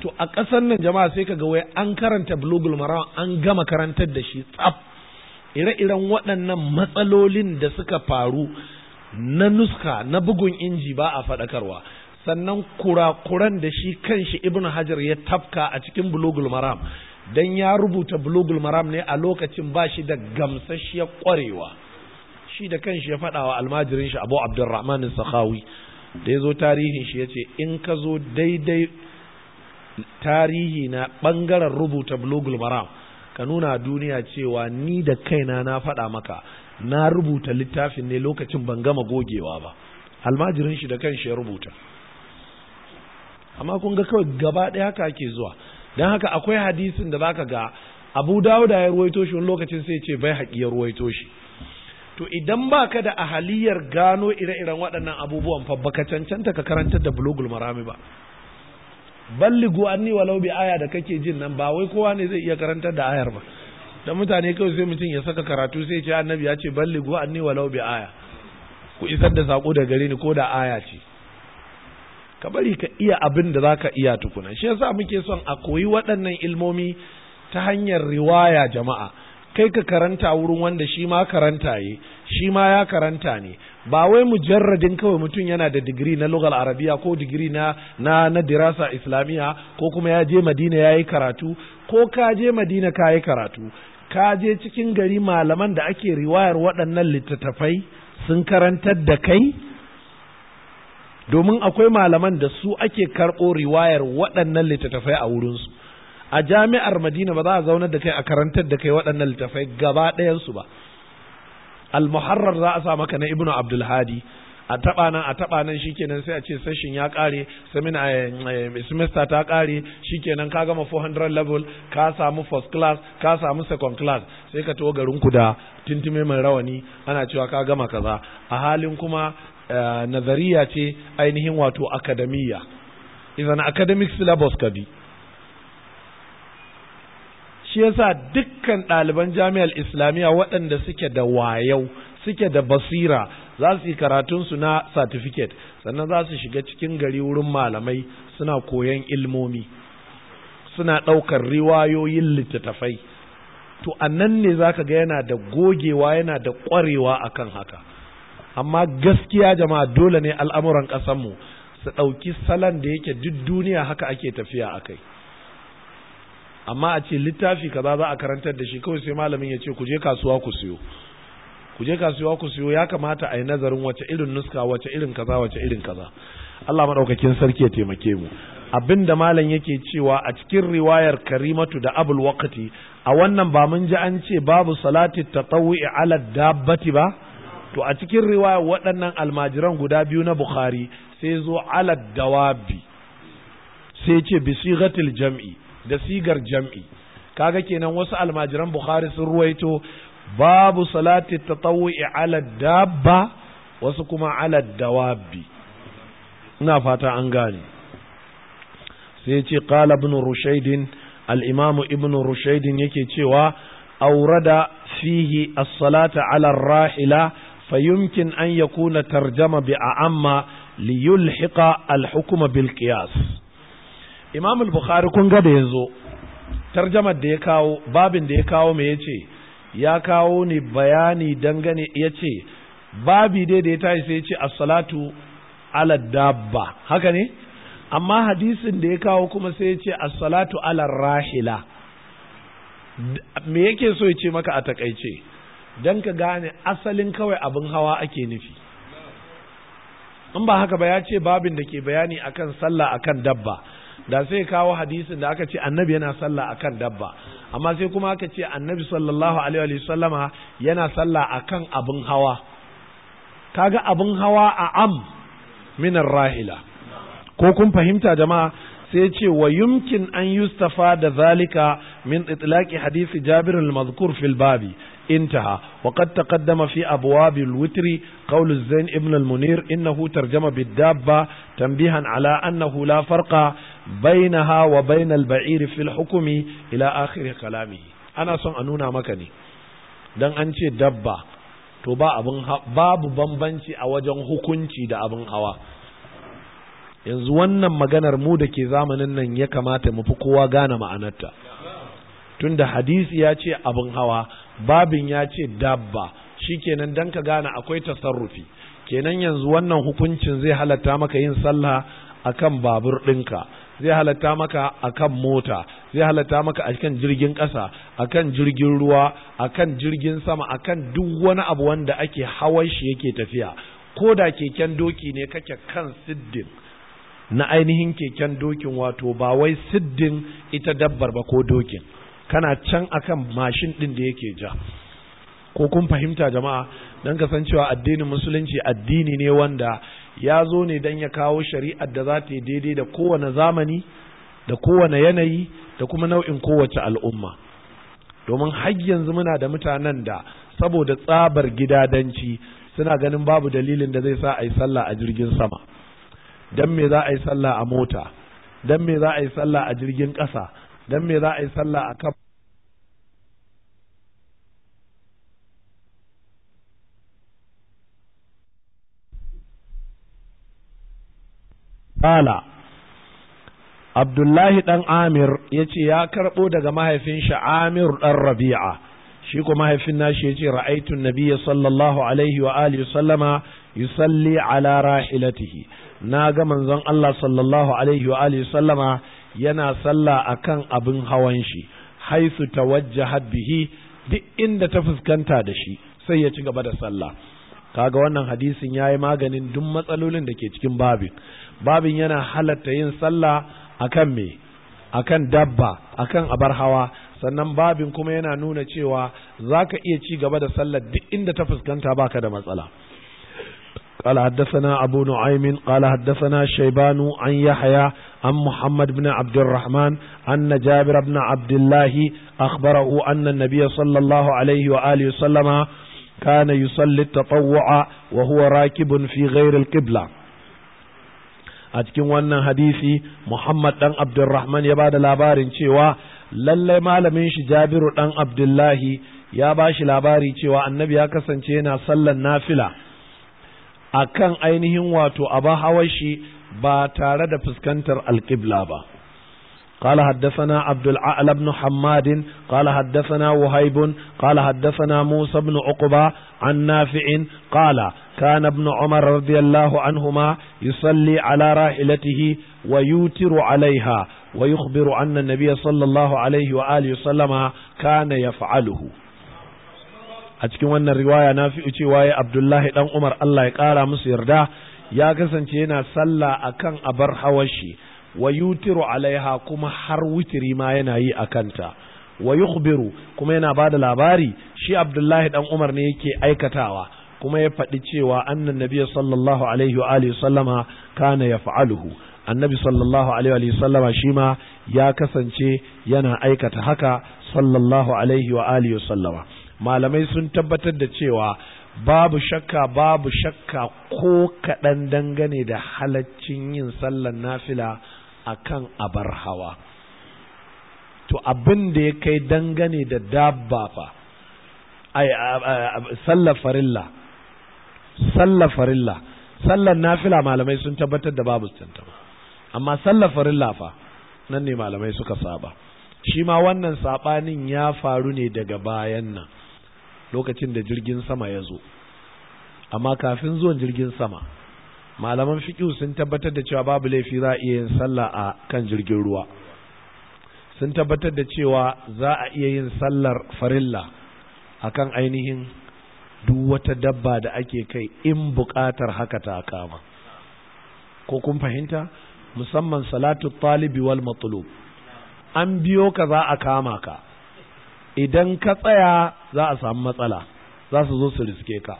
to a ƙasar nan jama'a sai ka ga wai an karanta bulugul maram an gama karantar da shi tsaf ire-iren waɗannan matsalolin da suka faru na nuska na bugun inji ba a faɗakarwa sannan kurakuran da shi kanshi ibn hajar ya tafka a cikin bulugul maram dan ya rubuta bulugul maram ne a lokacin ba shi da gamsashiyar kwarewa shi da kanshi ya faɗa wa almajirin shi abu abdurrahman sakhawi da ya zo tarihin shi ya ce in ka zo daidai tarihi na ɓangaren rubuta bulugul maram ka nuna duniya cewa ni da kaina na faɗa maka na rubuta littafin ne lokacin ban gama gogewa ba almajirin shi da kanshi ya rubuta amma kun ga kawai gaba ɗaya haka ake zuwa don haka akwai hadisin da zaka ga abu dawuda ya ruwaito shi wani lokacin sai ce bai haƙi ya ruwaito shi to idan baka da ahaliyar gano ire-iren waɗannan abubuwan fa baka cancanta ka karantar da bulugul marami ba balli anni walau bi aya da kake jin nan ba wai kowa ne zai iya karantar da ayar ba dan mutane kawai sai mutum ya saka karatu sai ce annabi ya ce balli anni walau bi aya ku isar da sako da gare ni ko da aya ce ka bari ka iya abin da za ka iya tukuna shi yasa muke son a koyi waɗannan ilmomi ta hanyar riwaya jama'a kai ka karanta wurin wanda shi ma karanta yi shi ma ya karanta ne ba wai mujarradin kawai mutum yana da digiri na lugal arabiya ko digiri na na na dirasa islamiya ko kuma ya je madina ya yi karatu ko ka je madina ka yi karatu ka je cikin gari malaman da ake riwayar waɗannan littattafai sun karantar da kai domin akwai malaman da su ake karɓo riwayar waɗannan littattafai a wurinsu a jami'ar madina ba za a zaunar da kai a karantar da kai waɗannan littattafai gaba ɗayansu ba almuharrar za a sa maka na ibnu abdulhadi a taɓa nan a taɓa nan shikenan sai a ce session ya ƙare eh, eh, semester ta ƙare shikenan ka gama 400 level ka samu first class ka samu second class sai ka tawo garin ku da tuntume mai rawani ana cewa ka gama kaza a halin kuma Eh, nazariya ce ainihin wato akademiya idan academic syllabus ka bi shi yasa dukkan ɗaliban jami'ar islamiyya waɗanda suke da wayau suke da basira za su yi karatunsu na certificate sannan za su shiga cikin gari wurin malamai suna koyon ilmomi suna ɗaukar riwayoyin littattafai to a ne za ka ga yana da gogewa yana da ƙwarewa akan haka amma gaskiya jama'a dole ne al'amuran ƙasanmu su ɗauki salon da yake duk duniya haka ake tafiya a kai amma a ce littafi kaza za a karantar da shi kawai sai malamin ya ce ku je kasuwa ku siyo ku je kasuwa ku siyo ya kamata a yi nazarin wace irin nuska wace irin kaza wace irin kaza Allah maɗaukakin sarki ya taimake mu abin da malam yake cewa a cikin riwayar karimatu da abul waqti a wannan ba mun ji an ce babu salati tatawwu'i ala dabbati ba to a cikin riwaya waɗannan almajiran guda biyu na bukhari sai zo ala dawabi sai ce bisigatil jam'i da sigar jam'i kaga kenan wasu almajiran bukhari sun ruwaito babu salati tatawwu'i ala dabba wasu kuma ala dawabi ina fata an gane sai ce qala ibn rushaydin al-imam ibn rushaidin yake cewa aurada fihi as-salata ala ar-rahila فيمكن أن يكون ترجم بأعمى ليلحق الحكم بالقياس إمام البخاري كن قد يزو ترجمة da ya باب دي كاو ميتي يا كاو ني بياني دنغني يتي babi dai da ya sai ya ce as-salatu ala dabba haka ne amma hadisin da ya kawo kuma sai ya ce as-salatu ala rahila me yake so ya ce maka a takaice don ka gane asalin kawai abin hawa ake nufi in ba haka ba ya ce babin da ke bayani akan sallah akan dabba da sai kawo hadisin da aka ce annabi yana sallah akan dabba amma sai kuma aka ce annabi sallallahu alaihi wa sallama yana sallah akan abin hawa kaga abin hawa a am minar rahila ko kun fahimta jama'a sai ce wa yumkin an yustafa da zalika min itlaqi hadisi jabir al-mazkur fil babi انتهى وقد تقدم في أبواب الوتر قول الزين ابن المنير إنه ترجم بالدابة تنبيها على أنه لا فرق بينها وبين البعير في الحكم إلى آخر كلامه أنا سأنونا مكني dan an ce dabba to ba abin babu bambanci a wajen hukunci da abin hawa yanzu wannan maganar mu da ke zamanin nan ya kamata mu fi kowa gane ma'anarta tunda hadisi ya ce abin hawa babin ya ce dabba shikenan dan ka gane akwai tasarrufi kenan yanzu wannan hukuncin zai halatta maka yin sallah akan babur ɗinka zai halatta maka akan mota zai halatta maka akan jirgin ƙasa akan jirgin ruwa akan jirgin sama akan duk wani abu wanda ake hawan shi yake tafiya ko da keken doki ne kake kan siddin na ainihin keken dokin wato ba wai siddin ita dabbar ba ko dokin kana can akan mashin din da yake ja ko kun fahimta jama'a don cewa addinin musulunci addini ne wanda ya zo ne don ya kawo shari'ar da za ta yi daidai da kowane zamani da kowane yanayi da kuma nau'in kowace al'umma domin har yanzu muna da mutanen da saboda tsabar gidadanci suna ganin babu dalilin da zai sa a yi sallah a jirgin sama don me za a yi sallah a mota don me za a yi sallah a jirgin ƙasa dan me za a yi sallah a kan Kala Abdullahi ɗan Amir ya ce ya karɓo daga mahaifin shi Amir ɗan Rabi'a shi ko mahaifin nashi ya ce ra'aitun nabiya sallallahu alaihi wa alihi sallama yusalli ala rahilatihi na ga manzon Allah sallallahu alaihi wa alihi sallama yana sallah akan abin hawan shi haisu tawajjaha bihi duk inda ta fuskanta da shi sai ya ci gaba da sallah kaga wannan hadisin yayi maganin duk matsalolin da ke cikin babin babin yana halatta yin sallah akan me akan dabba akan abar hawa sannan babin kuma yana nuna cewa zaka iya ci gaba da sallar duk inda ta fuskanta baka da matsala قال حدثنا أبو نعيم قال حدثنا شيبان عن يحيى عن محمد بن عبد الرحمن أن جابر بن عبد الله أخبره أن النبي صلى الله عليه وآله وسلم كان يصلي التطوع وهو راكب في غير القبلة أتكن وانا حديثي محمد بن عبد الرحمن يبعد لابارن شوى lallai malamin shi Jabiru dan Abdullahi ya ba shi labari cewa annabi ya kasance yana sallan nafila akan ainihin wato aba hawashi ba tare da fuskantar alƙibla ba قال حدثنا عبد الأعلى بن حماد قال حدثنا وهيب قال حدثنا موسى بن عقبة عن نافع قال كان ابن عمر رضي الله عنهما يصلي على راحلته ويوتر عليها ويخبر أن النبي صلى الله عليه وآله وسلم كان يفعله a cikin wannan riwaya na fi cewa ya abdullahi dan umar Allah ya kara musu yarda ya kasance yana sallah akan abar hawashi wa yutiru alaiha kuma har witiri ma yana yi akanta wa yukhbiru kuma yana bada labari shi Abdullahi dan Umar ne yake aikatawa kuma ya faɗi cewa annan nabiy sallallahu alaihi wa alihi sallama kana yaf'aluhu annabi sallallahu alaihi wa sallama shi ma ya kasance yana aikata haka sallallahu alaihi wa alihi sallama malamai sun tabbatar da cewa babu shakka babu shakka ko kaɗan dangane da halaccin yin sallan nafila a kan abar hawa to abin da ya kai dangane da dabba fa sallar farilla sallar farilla sallar nafila malamai sun tabbatar da babu tantama amma sallar farilla fa nan ne malamai suka saba shi ma wannan saɓanin ya faru ne daga bayan nan lokacin da jirgin sama ya zo amma kafin zuwan jirgin sama malaman fiƙi sun tabbatar da cewa babu laifi za a iya yin sallah a kan jirgin ruwa sun tabbatar da cewa za a iya yin sallar farilla a kan ainihin duk wata dabba da ake kai in buƙatar haka ta kama ko kun fahimta musamman salatu talibi wal matlub an biyo ka za a kama ka idan ka tsaya za a samu matsala za su zo su riske ka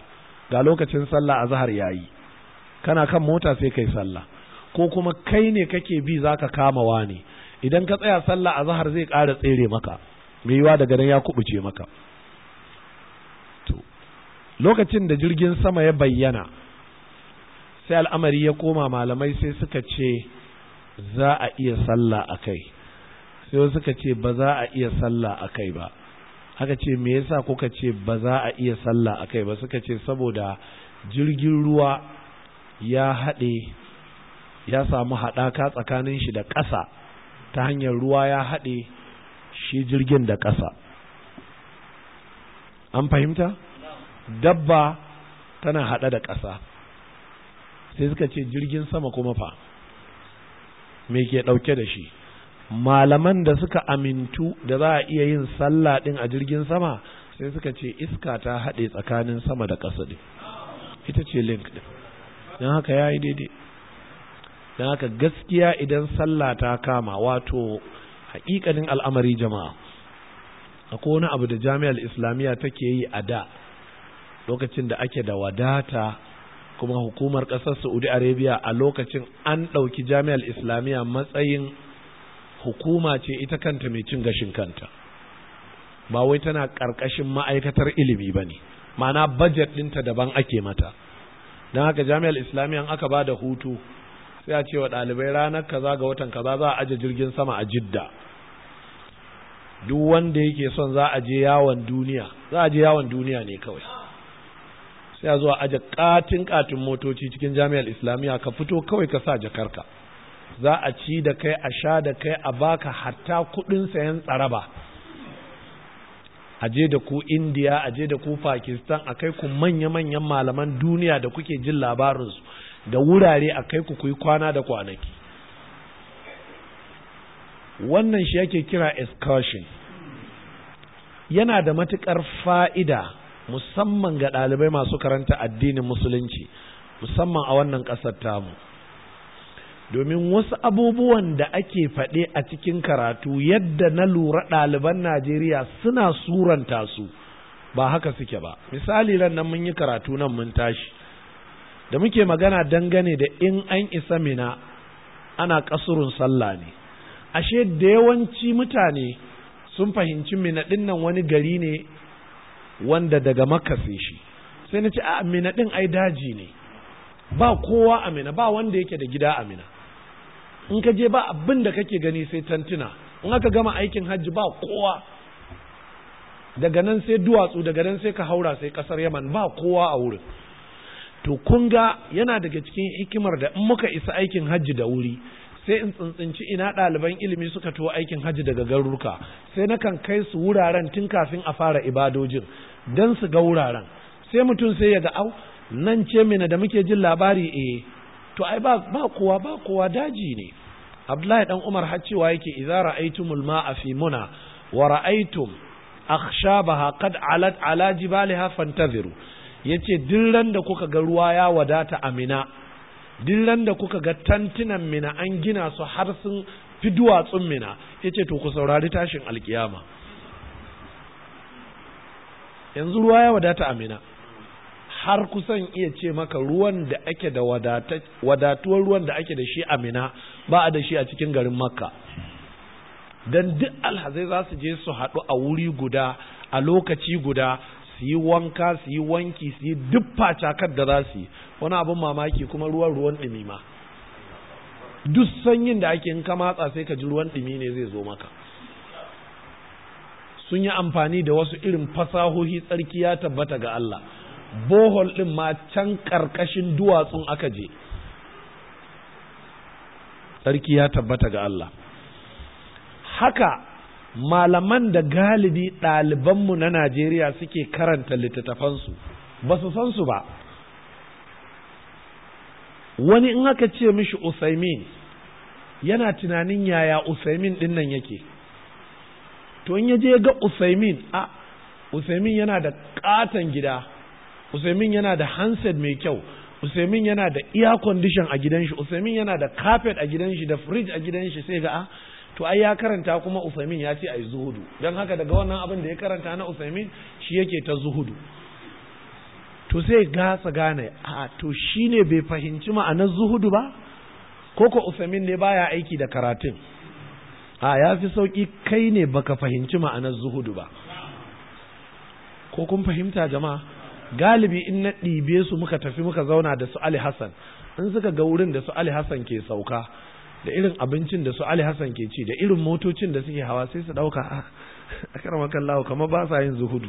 ga lokacin sallah a zahar yayi kana kan mota sai kai sallah ko kuma kai ne kake bi za ka kama ne idan ka tsaya sallah a zahar zai ƙara tsere maka me yiwa daga nan ya kubuce maka to lokacin da jirgin sama ya bayyana sai al'amari ya koma malamai sai suka ce za a iya sallah a kai sai suka ce ba za a iya sallah a kai ba aka ce me yasa kuka ce ba za a iya sallah akai ba suka ce saboda jirgin ruwa ya haɗe ya samu haɗaka tsakanin shi da ƙasa ta hanyar ruwa ya haɗe shi jirgin da ƙasa an fahimta dabba tana haɗa da ƙasa sai suka ce jirgin sama kuma fa me ke ɗauke da shi malaman da suka amintu da za a iya yin sallah ɗin a jirgin sama sai suka ce iska ta haɗe tsakanin sama da ƙasa ne ita ce link ɗin, don haka ya yi daidai don haka gaskiya idan sallah ta kama wato haƙiƙanin al'amari jama'a akwai wani abu da jami'ar islamiyya take yi a da lokacin da ake da wadata kuma hukumar ƙasar saudi arabia a lokacin an ɗauki jami'ar islamiyya matsayin hukuma ce ita kanta mai cin gashin kanta ba wai tana ƙarƙashin ma'aikatar ilimi ba ne ma'ana bajet ɗinta daban ake mata don haka jami'ar islamiyan aka ba da hutu sai a ce wa ɗalibai ranar kaza ga watan kaza za a aje jirgin sama a jidda duk wanda yake son za a je yawon duniya za a je yawon duniya ne kawai sai a zo a aje katin katin motoci cikin jami'ar islamiyya ka fito kawai ka sa jakarka za a ci da kai a sha da kai a baka hatta kudin sayan tsaraba Aje da ku indiya aje da ku pakistan a kai ku manya-manyan malaman duniya da kuke jin labarinsu da wurare a kai ku kuyi kwana da kwanaki wannan shi yake kira excursion yana da matukar fa'ida musamman ga ɗalibai masu karanta addinin musulunci musamman a wannan ƙasar tamu domin wasu abubuwan da ake faɗe a cikin karatu yadda na lura ɗaliban Najeriya suna suranta su ba haka suke ba misali ran nan mun yi karatu nan mun tashi da muke magana dangane da in an isa mina ana kasurun sallah ne ashe da yawanci mutane sun fahimci mina ɗin nan wani gari ne wanda daga makka sai shi sai na ce a mina ɗin ai daji ne ba kowa a amina ba wanda yake da gida a amina in ka je ba abin da kake gani sai tantuna in aka gama aikin hajji ba kowa daga nan sai duwatsu daga nan sai ka haura sai kasar yaman ba kowa a wurin to kun ga yana daga cikin hikimar da in muka isa aikin hajji da wuri sai in tsintsinci ina ɗaliban ilimi suka to aikin hajji daga garuruka sai na kan kai su wuraren tun kafin a fara ibadojin don su ga wuraren sai mutum sai ya ga au nan ce mina da muke jin labari eh to ai ba kowa ba kowa daji ne Abdullahi dan Umar har cewa yake idza ra'aytumul ma'a fi muna wa ra'aytum akhshabaha qad alat ala jibaliha fantaziru yace ran da kuka ga ruwa ya wadata amina ran da kuka ga tantunan mina an gina su har sun fi duwatsun mina yace to ku saurari tashin alkiyama yanzu ruwa ya wadata amina har kusan iya ce maka ruwan da ake da wadatuwar ruwan da ake da shi a mina ba a da shi a cikin garin makka don duk alhazai za su je su haɗu a wuri guda a lokaci guda su yi wanka su yi wanki su yi duk facakar da za su yi wani abin mamaki kuma ruwan ruwan ɗumi ma duk sanyin da ake in ka matsa sai ka ji ruwan ɗumi ne zai zo maka sun yi amfani da wasu irin fasahohi tsarki ya tabbata ga Allah bohol ɗin ma can ƙarƙashin duwatsun aka je sarki ya tabbata ga Allah haka malaman da galibi ɗalibanmu na Najeriya suke karanta littattafansu ba su san su ba wani in aka ce mishi Usaimin yana tunanin yaya Usaimin ɗin nan yake to in ya je ga Usaimin a Usaimin yana da ƙaton gida usaimin yana da handset mai kyau usaimin yana da air condition a gidan shi usaimin yana da carpet a gidan shi da fridge a gidan shi sai ga a ah, to ai ya karanta kuma usaimin ya ce ai zuhudu don haka daga wannan abin da ya karanta na usaimin shi yake ta zuhudu to sai gasa gane a to shine bai fahimci ma'anar zuhudu ba ko ko usaimin ne baya aiki da karatun a ya fi sauƙi kai ne baka fahimci ma'anar zuhudu ba ko kun fahimta jama'a galibi in na ɗibe su muka tafi muka zauna da su Ali Hassan in suka ga wurin da su Ali Hassan ke sauka da irin abincin da su Ali Hassan ke ci da irin motocin da suke hawa sai su ɗauka a ah, karamakan lawo kamar ba sa yin zuhudu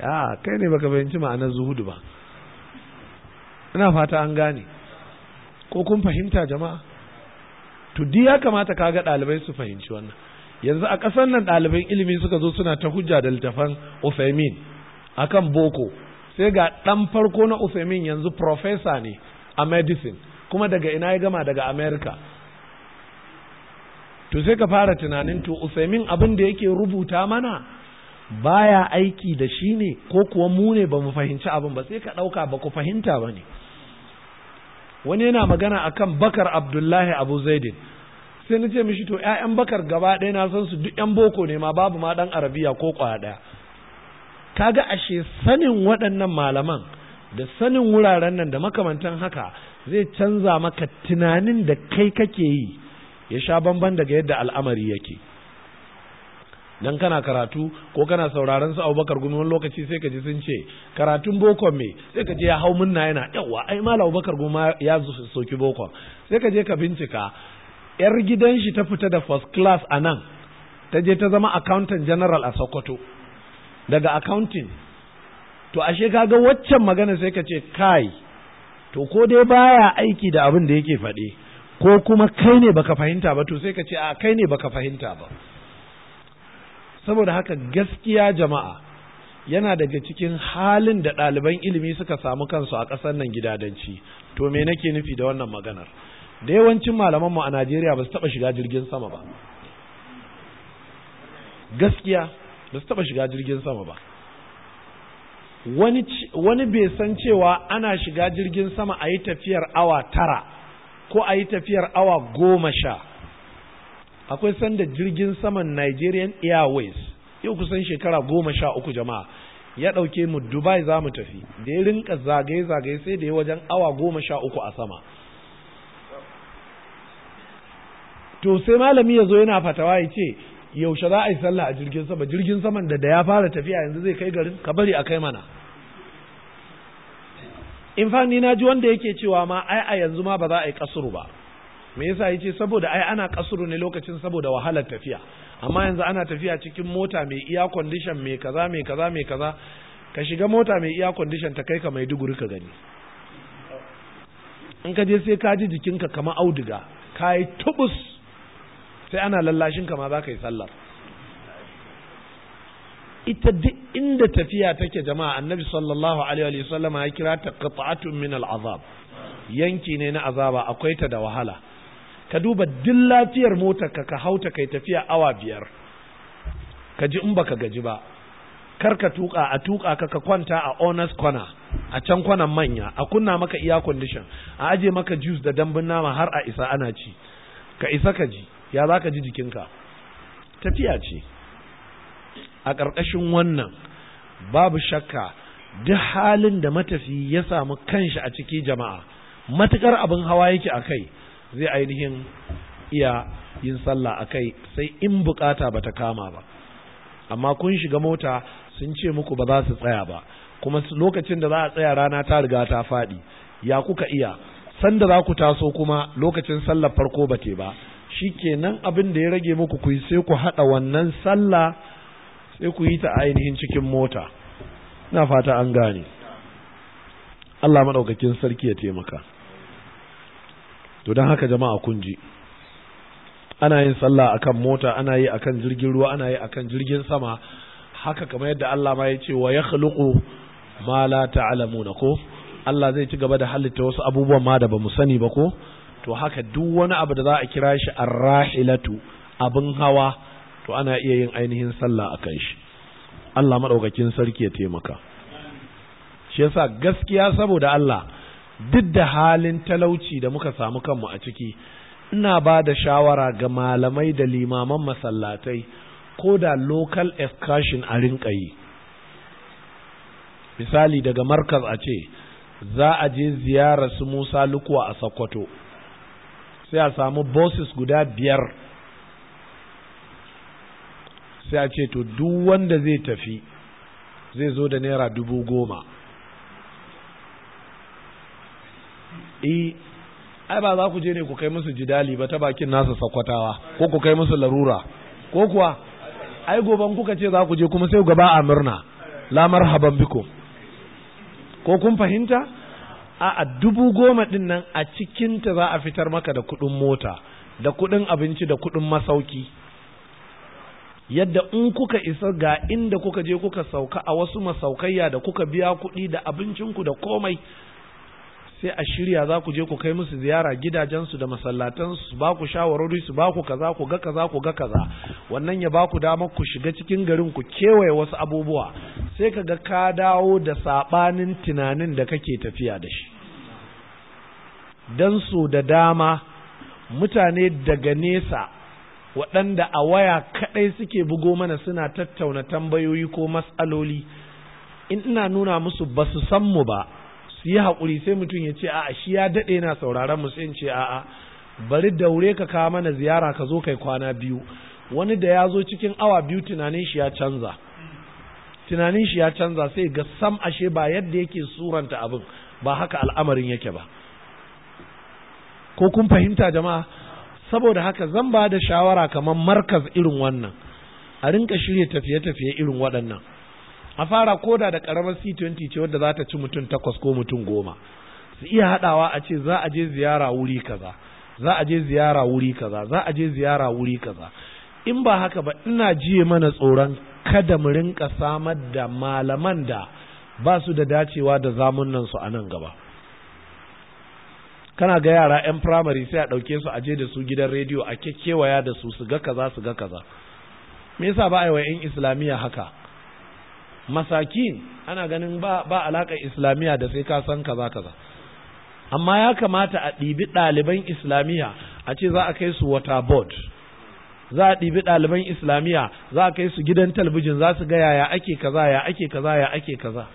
a ah, kai ne baka fahimci ma'anar zuhudu ba ina fata an gane ko kun fahimta jama'a to di ya kamata ka ga ɗalibai su fahimci wannan yanzu a ƙasar nan ɗaliban ilimi suka zo suna ta hujja da littafan Uthaymin akan boko sai ga ɗan farko na Usaimin yanzu profesa ne a medicine kuma daga ina ya gama daga America to sai ka fara tunanin to Usaimin abin da yake rubuta mana baya aiki da shi ne ko kuwa mu ne ba mu fahimci abin ba sai ka ɗauka ba ku fahimta ba ne wani yana magana akan bakar abdullahi abu zaidin sai na ce mishi to 'ya'yan bakar gaba ɗaya na san su duk 'yan boko ne ma babu ma ɗan arabiya ko ƙwaya ɗaya kaga ashe sanin waɗannan malaman da sanin wuraren nan da makamantan haka zai canza maka tunanin da kai kake yi ya sha bamban daga yadda al'amari yake dan kana karatu ko kana sauraron su Abubakar Gumi wani lokaci sai ka ji sun ce karatun bokon me sai ka je ya hau munna yana yawa ai mala Abubakar Gumi ya soki bokon sai ka je ka bincika yar gidan shi ta fita da first class a nan ta je ta zama accountant general a Sokoto daga accounting to ashe kaga waccan magana sai ka ce kai to ko dai baya aiki da abin da yake faɗe ko kuma kai ne baka fahimta ba to sai ka ce a kai ne baka fahimta ba saboda haka gaskiya jama'a yana daga cikin halin da ɗaliban ilimi suka samu kansu a ƙasar nan gidadanci to me nake nufi da wannan maganar da yawancin malamanmu a Najeriya ba su taɓa shiga jirgin sama ba gaskiya ba su taba shiga jirgin sama ba wani bai san cewa ana shiga jirgin sama a yi tafiyar awa tara ko a yi tafiyar awa goma sha akwai sanda jirgin saman nigerian airways yau kusan shekara goma sha uku jama'a ya ɗauke mu dubai za mu tafi da ya rinka zagaye-zagaye sai da ya wajen awa goma sha uku a sama to sai malami ya zo yana fatawa ya ce yaushe za a yi sallah a jirgin sama jirgin saman da da ya fara tafiya yanzu zai kai garin ka bari a kai mana in fa na ji wanda yake cewa ma ai a yanzu ma ba za a yi kasuru ba me yasa yace saboda ai ana kasuru ne lokacin saboda wahalar tafiya amma yanzu ana tafiya cikin mota mai iya condition mai kaza mai kaza mai kaza ka shiga mota mai iya condition ta kai ka mai duguri ka gani in ka je sai ka ji jikinka kamar auduga ka yi tubus sai ana lallashin ka ma za ka yi sallar ita duk inda tafiya take jama'a annabi sallallahu alaihi wa sallam, ya kira ta qat'atu min al'azab yanki ne na azaba akwai ta da wahala ka duba duk lafiyar motar ka ka hauta kai tafiya awa biyar ka ji in baka gaji ba kar ka tuka a tuka ka ka kwanta a honors corner a can kwanan manya a kunna maka iya condition a aje maka juice da dambun nama har a isa ana ci ka isa ka ji ya za ka ji jikinka tafiya ce a ƙarƙashin wannan babu shakka duk halin da matafi ya samu kanshi a ciki jama'a matukar abin hawa yake a kai zai ainihin iya yin sallah a kai sai in bukata ta kama ba amma kun shiga mota sun ce muku ba za su tsaya ba kuma lokacin da za a tsaya rana ta riga ta faɗi ya kuka iya sanda za ku taso kuma lokacin sallar farko ba te ba Shi shikenan abin da ya rage muku ku sai ku hada wannan sallah sai ku yi ta ainihin cikin mota na fata an gane Allah madaukakin sarki ya taimaka to don haka jama'a kun ana yin sallah akan mota ana yi akan jirgin ruwa ana yi akan jirgin sama haka kamar yadda Allah ma ya ce wa ya khluqu ma la ta'lamuna ko Allah zai ci gaba da halitta wasu abubuwan ma da ba mu sani ba ko to haka duk wani abu da za a kira shi arrahilatu abin hawa to ana iya yin ainihin sallah a kan shi Allah maɗaukakin sarki ya taimaka shi yasa gaskiya saboda Allah duk da halin talauci da muka samu kanmu a ciki ina ba da shawara ga malamai da limaman masallatai ko da local excursion a rinka yi misali daga markaz a ce za a je ziyarar su Musa Lukuwa a Sokoto sai a samu bosses guda biyar sai a ce to duk wanda zai tafi zai zo da naira dubu goma e ai ba za ku je ne ku kai musu jidali ba ta bakin nasa sakwatawa ko ku kai musu larura ko kuwa ai goban kuka ce za ku je kuma sai gaba a murna lamar haban biko ko kun fahimta a dubu goma ɗin nan a cikinta za a fitar maka da kuɗin mota da kuɗin abinci da kuɗin masauki yadda in kuka isa ga inda kuka je kuka sauka a wasu masaukayya da kuka biya kuɗi da abincinku da komai sai a shirya za ku je ku kai musu ziyara gidajensu da masallatansu ba ku shawarwari su ba ku kaza ku ga kaza ku ga kaza wannan ya ba ku damar ku shiga cikin garin ku kewaye wasu abubuwa sai ka ga ka dawo da sabanin tunanin da kake tafiya da shi dan su da dama mutane daga nesa waɗanda a waya kaɗai suke bugo mana suna tattauna tambayoyi ko matsaloli in ina nuna musu ba su san mu ba su yi haƙuri sai mutum ya ce a'a shi ya daɗe na sauraron mu sai ce a'a bari daure ka kawo mana ziyara ka zo kai kwana biyu wani da ya zo cikin awa biyu tunanin shi ya canza tunanin shi ya canza sai ga sam ashe ba yadda yake suranta abin ba haka al'amarin yake ba ko kun fahimta jama'a saboda haka zan ba da shawara kamar markaz irin wannan a rinka shirya tafiye-tafiye irin waɗannan a fara koda da karamar C20 ce wadda za ta ci mutum takwas ko mutum goma su iya haɗawa a ce za a je ziyara wuri kaza za a je ziyara wuri kaza za a je ziyara wuri kaza in ba haka ba ina jiye mana tsoron kada mu rinka samar da malaman da ba su da dacewa da zamunan su a nan gaba kana ga yara 'yan firamare sai a ɗauke su a je da su gidan rediyo a kekewaya da su su ga kaza su ga kaza me yasa ba a yi wa 'yan islamiyya haka masakin ana ganin ba ba alaƙar islamiyya da sai ka san kaza kaza amma ya kamata a ɗibi ɗaliban islamiyya a ce za a kai su water board za a ɗibi ɗaliban islamiyya za a kai su gidan talabijin za su ga yaya ake kaza ya ake kaza ya ake kaza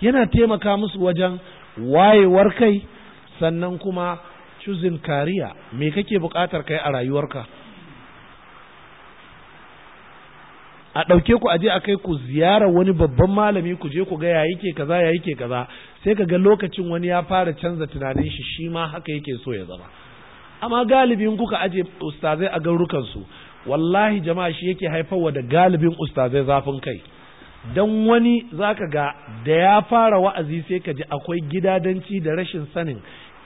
yana taimaka musu wajen wayewar kai sannan kuma cuzin kariya me kake buƙatar kai a rayuwarka a ɗauke ku aje a kai ku ziyarar wani babban malami ku je ku ga ya yake kaza ya yake kaza sai ka ga lokacin wani ya fara canza tunanin shi shi ma haka yake so ya zama amma galibin kuka aje ustazai a garurukan su wallahi jama'a shi yake haifarwa da galibin ustazai zafin kai dan wani zaka ga da ya fara wa'azi sai ka ji akwai gidadanci da rashin sanin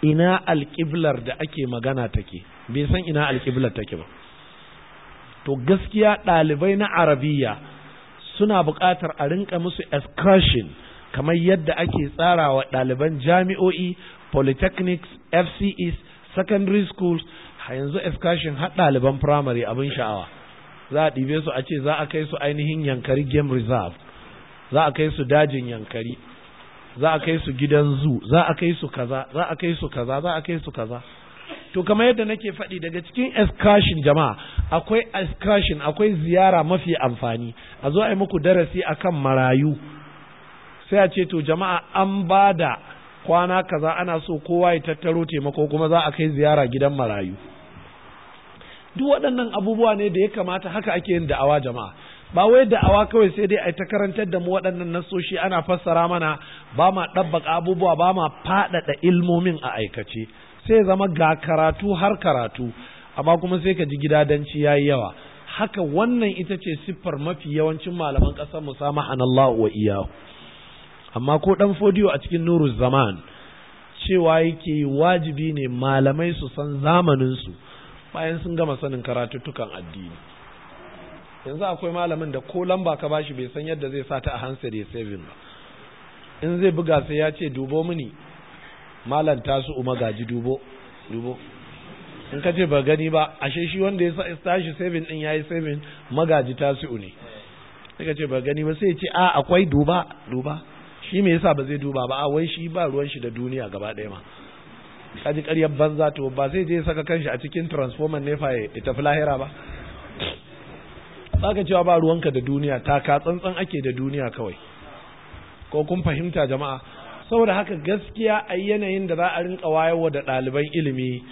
ina alƙiblar da ake magana take bai san ina alƙiblar take ba to gaskiya ɗalibai na arabiya suna buƙatar a rinka musu excursion kamar yadda ake tsara wa ɗaliban jami'o'i polytechnics fces secondary schools yanzu excursion har ɗaliban primary abin sha'awa za a ɗibe su a ce za a kai su ainihin yankari game reserve za a kai su dajin yankari za a kai su gidan zoo za a kai su kaza za a kai su kaza za a kai su kaza to kamar yadda nake faɗi daga cikin excursion jama'a akwai excursion akwai ziyara mafi amfani a zo a yi muku darasi akan marayu sai a ce to jama'a an ba da kwana kaza ana so kowa ya tattaro taimako kuma za a kai ziyara gidan marayu duk waɗannan abubuwa ne da ya kamata haka ake yin da'awa jama'a ba wai da'awa kawai sai dai a ta karantar da mu waɗannan nasoshi ana fassara mana ba ma ɗabbaka abubuwa ba ma faɗaɗa ilmomin a aikace sai zama ga karatu har karatu amma kuma sai ka ji gidadanci yayi yawa haka wannan ita ce siffar mafi yawancin malaman ƙasar mu Allah wa iyahu amma ko dan fodiyo a cikin nuru zaman cewa yake wajibi ne malamai su san zamanin su bayan sun gama sanin karatuttukan addini yanzu akwai malamin da ko lamba ka bashi bai san yadda zai sa ta a hansa da ya ba in zai buga sai ya ce dubo mini malam tasu umagaji dubo dubo in ka ce ba gani ba ashe shi wanda ya tashi saving din yayi saving magaji tasi'u ne sai ka ce ba gani ba sai ya ce a akwai duba duba shi me yasa ba zai duba ba a wai shi ba ruwan shi da duniya gaba daya ma kaji ƙaryar banza to ba zai je saka kanshi a cikin transformer nefa ya tafi lahira ba Saka cewa ba ruwanka da duniya ta ka tsantsan ake da duniya kawai ko kun fahimta jama'a saboda haka gaskiya a yanayin da za a rinka wayarwa da ɗaliban ilimi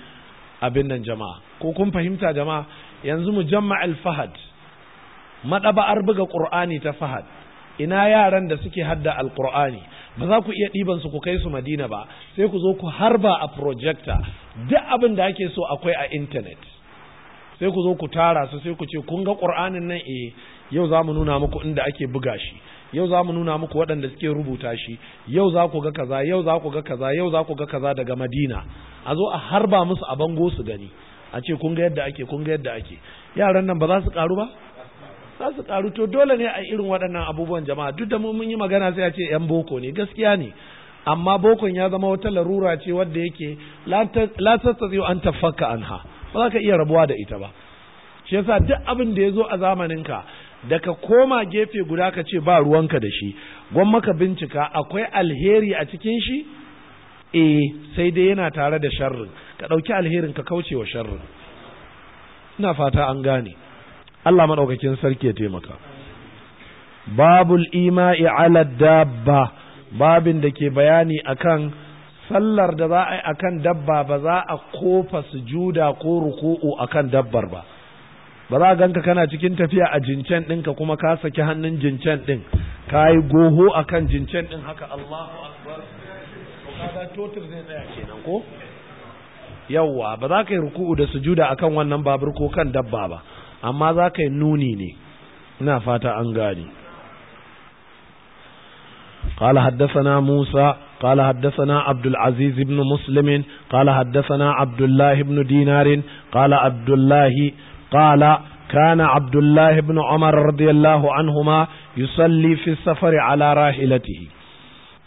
abin nan jama'a ko kun fahimta jama'a yanzu mu jamma al-fahad madaba'ar buga qur'ani ta fahad ina yaran da suke hadda al-qur'ani ba za ku iya ɗiban su ku kai su madina ba sai ku zo ku harba a projector duk abin da ake so akwai a internet sai ku zo ku tara su sai ku ce kun ga qur'anin nan eh yau za mu nuna muku inda ake buga shi yau za mu nuna muku waɗanda suke rubuta shi yau za ku ga kaza yau za ku ga kaza yau za ku ga kaza daga madina a zo a harba musu a bango su gani a ce kun ga yadda ake kun ga yadda ake yaran nan ba za su karu ba za su karu to dole ne a irin waɗannan abubuwan jama'a duk da mu mun yi magana sai a ce yan boko ne gaskiya ne amma bokon ya zama wata larura ce wadda yake la tattazi'u an tafakka anha ba za ka iya rabuwa da ita ba shi yasa duk abin da ya zo a zamaninka Daga koma gefe guda ka ce ba ruwanka da shi gwan maka bincika akwai alheri a cikin shi e sai dai yana tare da sharrin ka ɗauki alherin ka kauce wa sharrin ina fata an gane Allah maɗaukakin sarki ya taimaka babul ima'i ala dabba babin da ke bayani akan sallar da za a yi akan dabba ba za a kofa sujuda ko ruku'u akan dabbar ba ba za a ganka kana cikin tafiya a jincen ɗinka kuma ka saki hannun jincen ɗin ka yi goho a kan jincen ɗin haka Allahu Akbar kaga totir zai tsaya kenan ko yawwa ba za ka yi ruku'u da sujuda a kan wannan babur ko kan dabba ba amma za ka yi nuni ne ina fata an gani قال حدثنا موسى قال حدثنا عبد العزيز بن مسلم قال حدثنا عبد الله بن دينار قال عبد الله قال كان عبد الله بن عمر رضي الله عنهما يصلي في السفر على راحلته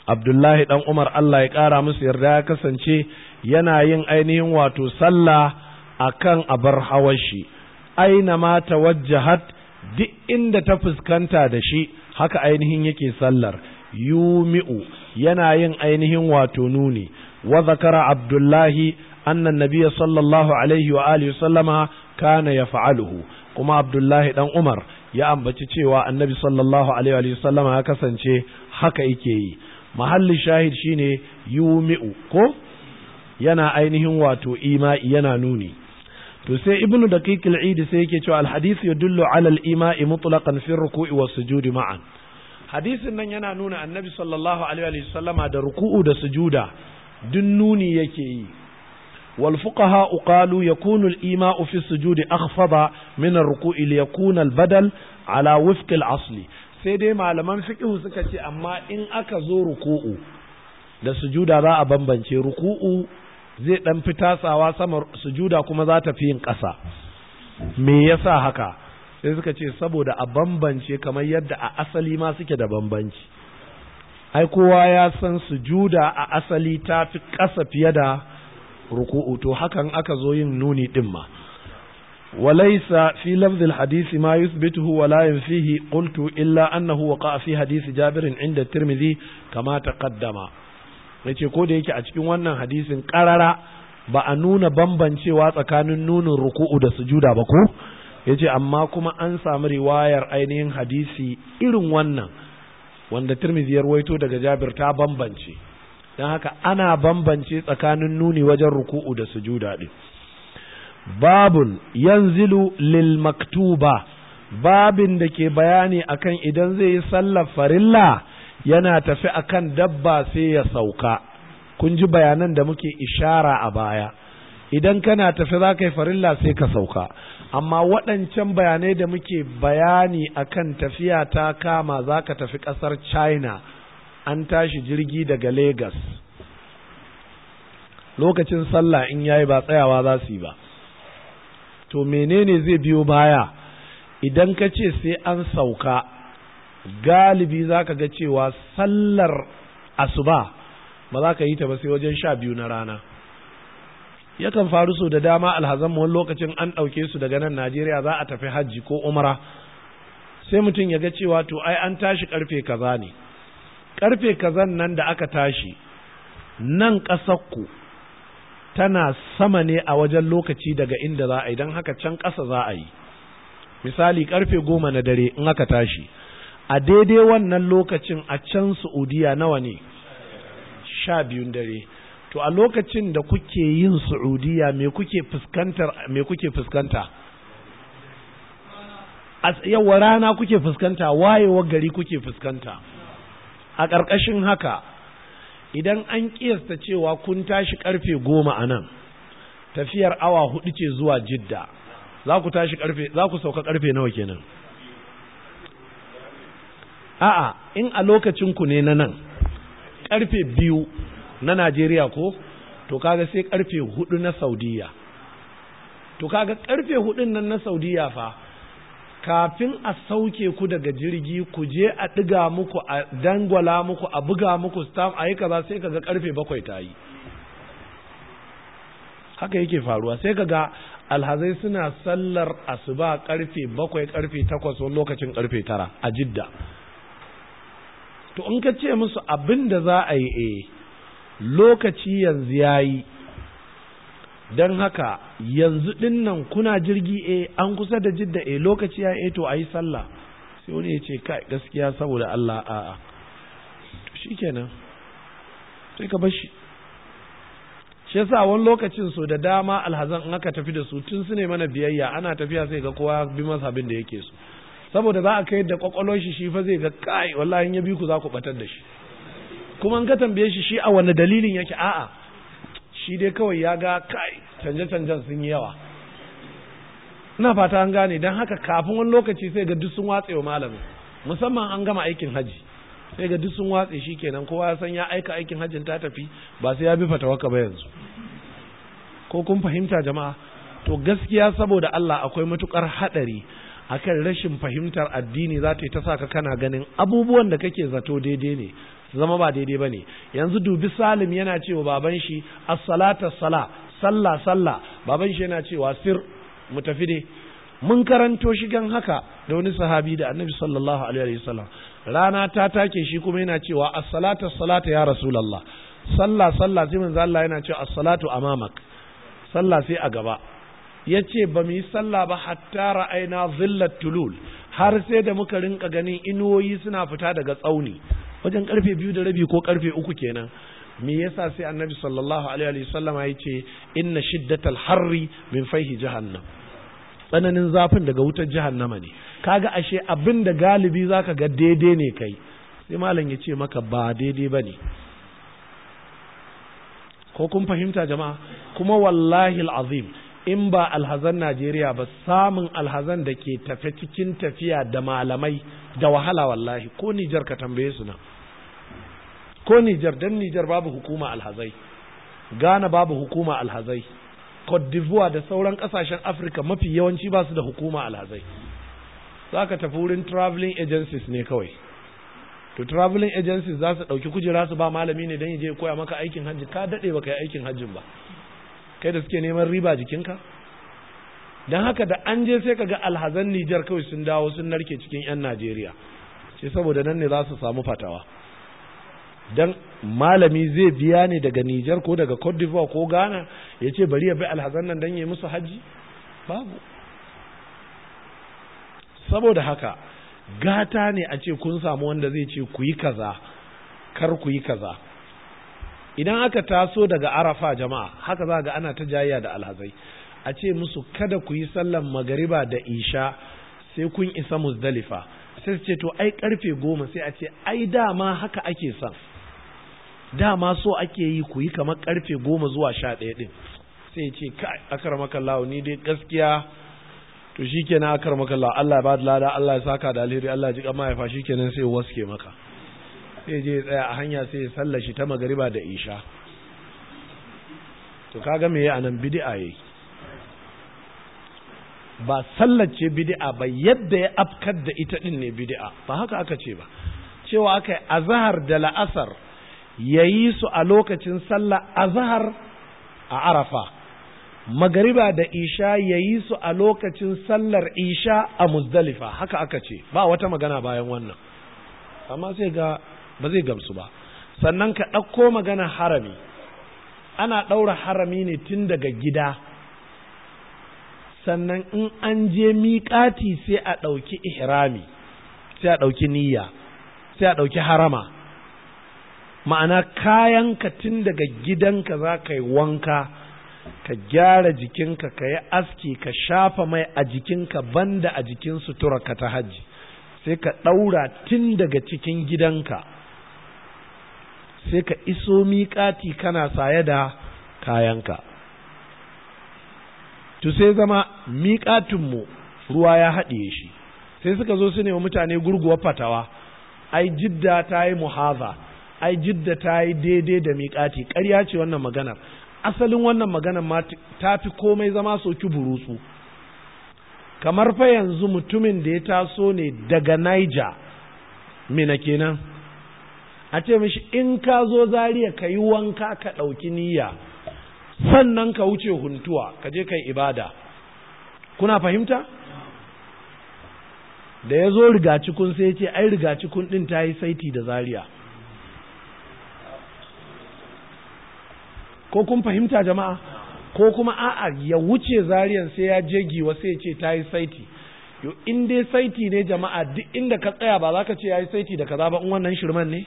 عبد الله بن musu yarda ya kasance yana yin ainihin wato sallah akan abar shi. aina ma tawajjahat duk inda ta fuskanta da shi haka ainihin yake sallar yumi'u yana yin ainihin wato nuni wa zakara abdullahi anna nabiyya sallallahu alaihi wa alihi sallama kana yaf'aluhu kuma Abdullahi ɗan Umar ya ambaci cewa Annabi sallallahu alaihi wa ya kasance haka yake yi mahallin shahid shine yumi'u ko yana ainihin wato ima'i yana nuni to sai ibnu daqiq al-eid sai yake cewa al-hadith yadullu ala al-ima'i mutlaqan fi ruku'i was sujudi ma'an hadisin nan yana nuna annabi sallallahu alaihi wa da ruku'u da sujuda duk nuni yake yi والفقهاء قالوا يكون الإيماء في السجود أخفض من الركوع ليكون البدل على وفق الأصل sai dai malaman fiqhu suka ce amma in aka zo ruku'u da sujuda za a bambance ruku'u zai ɗan fitasawa sama sujuda kuma za ta fi yin ƙasa me yasa haka sai suka ce saboda a bambance kamar yadda a asali ma suke da bambanci ai kowa ya san sujuda a asali ta fi ƙasa fiye da ruku'u to hakan aka zo yin nuni din ma walaysa fi lafzil hadisi ma yuthbituhu wa la yanfihi qultu illa annahu waqa'a fi hadisi jabir inda tirmidhi kama taqaddama yace ko da yake a cikin wannan hadisin qarara ba a nuna bambancewa tsakanin nunin ruku'u da sujuda ba ko yace amma kuma an samu riwayar ainihin hadisi irin wannan wanda Tirmidhi ya ruwaito daga Jabir ta bambance don haka ana bambance tsakanin nuni wajen ruku'u da sujuda din babun yanzilu lil maktuba babin da ke bayani akan idan zai yi sallar farilla yana tafi akan dabba sai ya sauka kun ji bayanan da muke ishara a baya idan kana tafi za ka yi farilla sai ka sauka amma waɗancan bayanai da muke bayani akan tafiya ta kama za ka tafi ƙasar china an tashi jirgi daga Legas lokacin sallah in yayi ba tsayawa za su yi ba to menene zai biyo baya idan ka ce sai an sauka galibi za ka ga cewa sallar asuba ba za ka yi ta ba sai wajen sha biyu na rana yakan faru so da dama alhazan wani lokacin an ɗauke su daga nan najeriya za a tafi hajji ko umara sai mutum ya ga cewa to ai an tashi karfe kaza ne karfe kazan nan da aka tashi nan ƙasarku tana sama ne a wajen lokaci daga inda za a yi don haka can ƙasa za a yi misali karfe goma na dare in aka tashi a daidai wannan lokacin a can su'udiya nawa ne sha biyun dare to a lokacin da kuke yin su'udiya me kuke fuskanta? A rana kuke fuskanta wayewa gari kuke fuskanta a ƙarƙashin haka idan an ƙiyasta cewa kun tashi ƙarfe goma a nan tafiyar awa hudu ce zuwa jidda za ku tashi ƙarfe za ku sauka ƙarfe nawa kenan a'a in a lokacin ku ne na nan ƙarfe biyu na Najeriya ko to kaga sai ƙarfe hudu na Saudiya to kaga ƙarfe hudun nan na Saudiya fa kafin a sauke ku daga jirgi ku je a ɗiga muku a dangwala muku a buga muku stam a yi kaza sai kaga karfe bakwai ta yi haka yake faruwa sai kaga alhazai suna sallar asuba karfe bakwai karfe takwas wani lokacin karfe tara a jidda to in ka ce musu abin da za a yi e lokaci yanzu ya yi don haka yanzu dinnan kuna jirgi e an kusa da jidda e lokaci ya e to a yi sallah sai wani ya ce kai gaskiya saboda Allah a'a shi kenan sai ka bashi shi yasa wani lokacin so da dama alhazan in aka tafi da su tun su ne mana biyayya ana tafiya sai ga kowa bi masa abin da yake so saboda za a kai da kwakwalon shi shi fa zai ga kai wallahi in ya bi ku za ku batar da shi kuma in ka tambaye shi shi a wani dalilin yake a'a shi dai kawai ya ga kai canje-canjen sun yi yawa ina fata an gane don haka kafin wani lokaci sai ga duk sun watse wa malamin musamman an gama aikin haji sai ga duk sun watse shi kenan kowa ya san ya aika aikin hajjin ta tafi ba sai ya bi fatawaka ba yanzu ko kun fahimta jama'a to gaskiya saboda Allah akwai matukar hadari akan rashin fahimtar addini za ta yi ta saka kana ganin abubuwan da kake zato daidai ne zama ba daidai ba ne yanzu dubi salim yana cewa baban shi as sala sallah sallah baban shi yana cewa sir mu tafi ne? mun karanto shi gan haka da wani sahabi da annabi sallallahu alaihi wasallam rana ta take shi kuma yana cewa as-salata ya rasulullah sallah sallah sai manzo Allah yana cewa asalatu amamak sallah sai a gaba yace ba mu yi sallah ba hatta ra'aina zillar tulul har sai da muka rinka ganin inuwoyi suna fita daga tsauni wajen karfe biyu da rabi ko karfe uku kenan me yasa sai annabi sallallahu alaihi wa sallam ya ce inna shiddatal harri min faihi jahannam tsananin zafin daga wutar jahannama ne kaga ashe abinda da galibi zaka ga daidai ne kai sai malam ya ce maka ba daidai bane ko kun fahimta jama'a kuma wallahi alazim in ba alhazan Najeriya ba samun alhazan da ke tafe cikin tafiya da malamai da wahala wallahi ko Nijar ka tambaye su nan. ko Nijar dan Nijar babu hukuma alhazai Ghana babu hukuma alhazai Cote d'Ivoire da sauran kasashen Afrika mafi yawanci ba su da hukuma alhazai za ka tafi wurin traveling agencies ne kawai to traveling agencies za su ɗauki kujera su ba malami ne don ya je koya maka aikin hajji ka daɗe ba ka yi aikin hajjin ba kai da suke neman riba jikinka dan haka da an je sai kaga alhazan Nijar kawai sun dawo sun narke cikin 'yan Najeriya sai saboda nan ne za su samu fatawa dan malami zai biya ne daga Nijar ko daga Cote d'Ivoire ko Ghana ya ce bari ya bi alhazan nan dan ya musu haji babu saboda haka gata ne a ce kun samu wanda zai ce ku yi kaza kar ku yi kaza idan aka taso daga arafa jama'a haka za ga ana ta jayya da alhazai a ce musu kada ku yi sallan magariba da isha sai kun isa muzdalifa sai su ce to ai karfe goma sai a ce ai dama haka ake son dama so ake yi ku yi kamar karfe goma zuwa sha ɗaya ɗin sai ce kai akar makallawa ni dai gaskiya to shi kenan akar makallawa Allah ya ba da lada Allah ya saka da alheri Allah ya ji kama ya fashi kenan sai waske maka sai je tsaya a hanya sai sallah sallashi ta magariba da isha to kaga me a anan bid'a yayi ba sallace bid'a ba yadda ya afkar da ita din ne bid'a ba haka aka ce ba cewa aka azhar da la'asar ya yi su a lokacin sallah azhar a arafa magariba da isha ya yi su a lokacin sallar isha a muzdalifa haka aka ce ba wata magana bayan wannan amma sai ga ba zai gamsu ba sannan ka ɗauko magana harami ana ɗaura harami ne tun daga gida sannan in an je miƙati sai a ɗauki ihrami sai a ɗauki niyya sai a ɗauki harama ma'ana kayanka tun daga gidanka za ka yi wanka ka gyara jikinka ka yi aski ka shafa mai a jikinka banda a jikin ka ta hajji sai ka ɗaura tun daga cikin gidanka sai ka iso miƙati kana saye da kayanka to sai zama miƙatinmu ruwa ya haɗiye shi sai suka zo su ne mutane gurguwar fatawa ai jidda ta yi muhaza ai jidda ta yi daidai da miƙati ƙarya ce wannan maganar asalin wannan maganar ma ta fi komai zama soki burutsu kamar fa yanzu mutumin da ya taso ne daga Niger mina kenan a ce mishi in ka zo zariya ka yi wanka ka ɗauki niyya sannan ka wuce huntuwa ka je kai ibada kuna fahimta da ya zo rigacikun sai ce ai rigacikun ɗin ta yi saiti da zariya ko kun fahimta jama'a ko kuma a'a ya wuce zariyan sai ya je giwa sai ya ce ta yi saiti yo in dai saiti ne jama'a duk inda ka tsaya ba za ka ce ya yi saiti da kaza ba in wannan shirman ne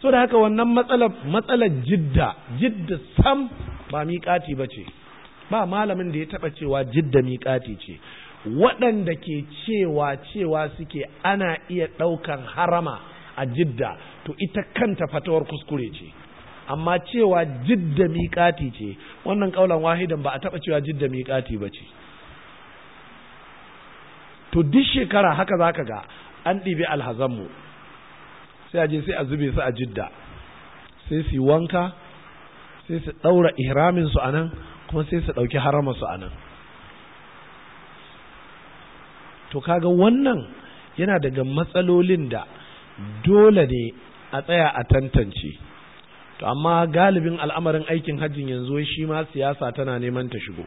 so da haka wannan matsalar matsalar jidda jidda sam ba miƙati ba ce ba malamin da ya taɓa cewa jidda miƙati ce waɗanda ke cewa cewa suke ana iya ɗaukar harama a jidda to ita kanta fatawar kuskure ce amma cewa jidda miƙati ce wannan ƙaunar wahidan ba a taɓa cewa jidda miƙati ba ce to duk shekara haka za ka ga an ɗibi alhazanmu sai a je sai a zube su a jidda sai su wanka sai su ɗaura ihraminsu a nan kuma sai su ɗauki haramarsu a nan to kaga wannan yana daga matsalolin da dole ne a tsaya a tantance to amma galibin al'amarin aikin hajjin yanzu shi ma siyasa tana neman ta shigo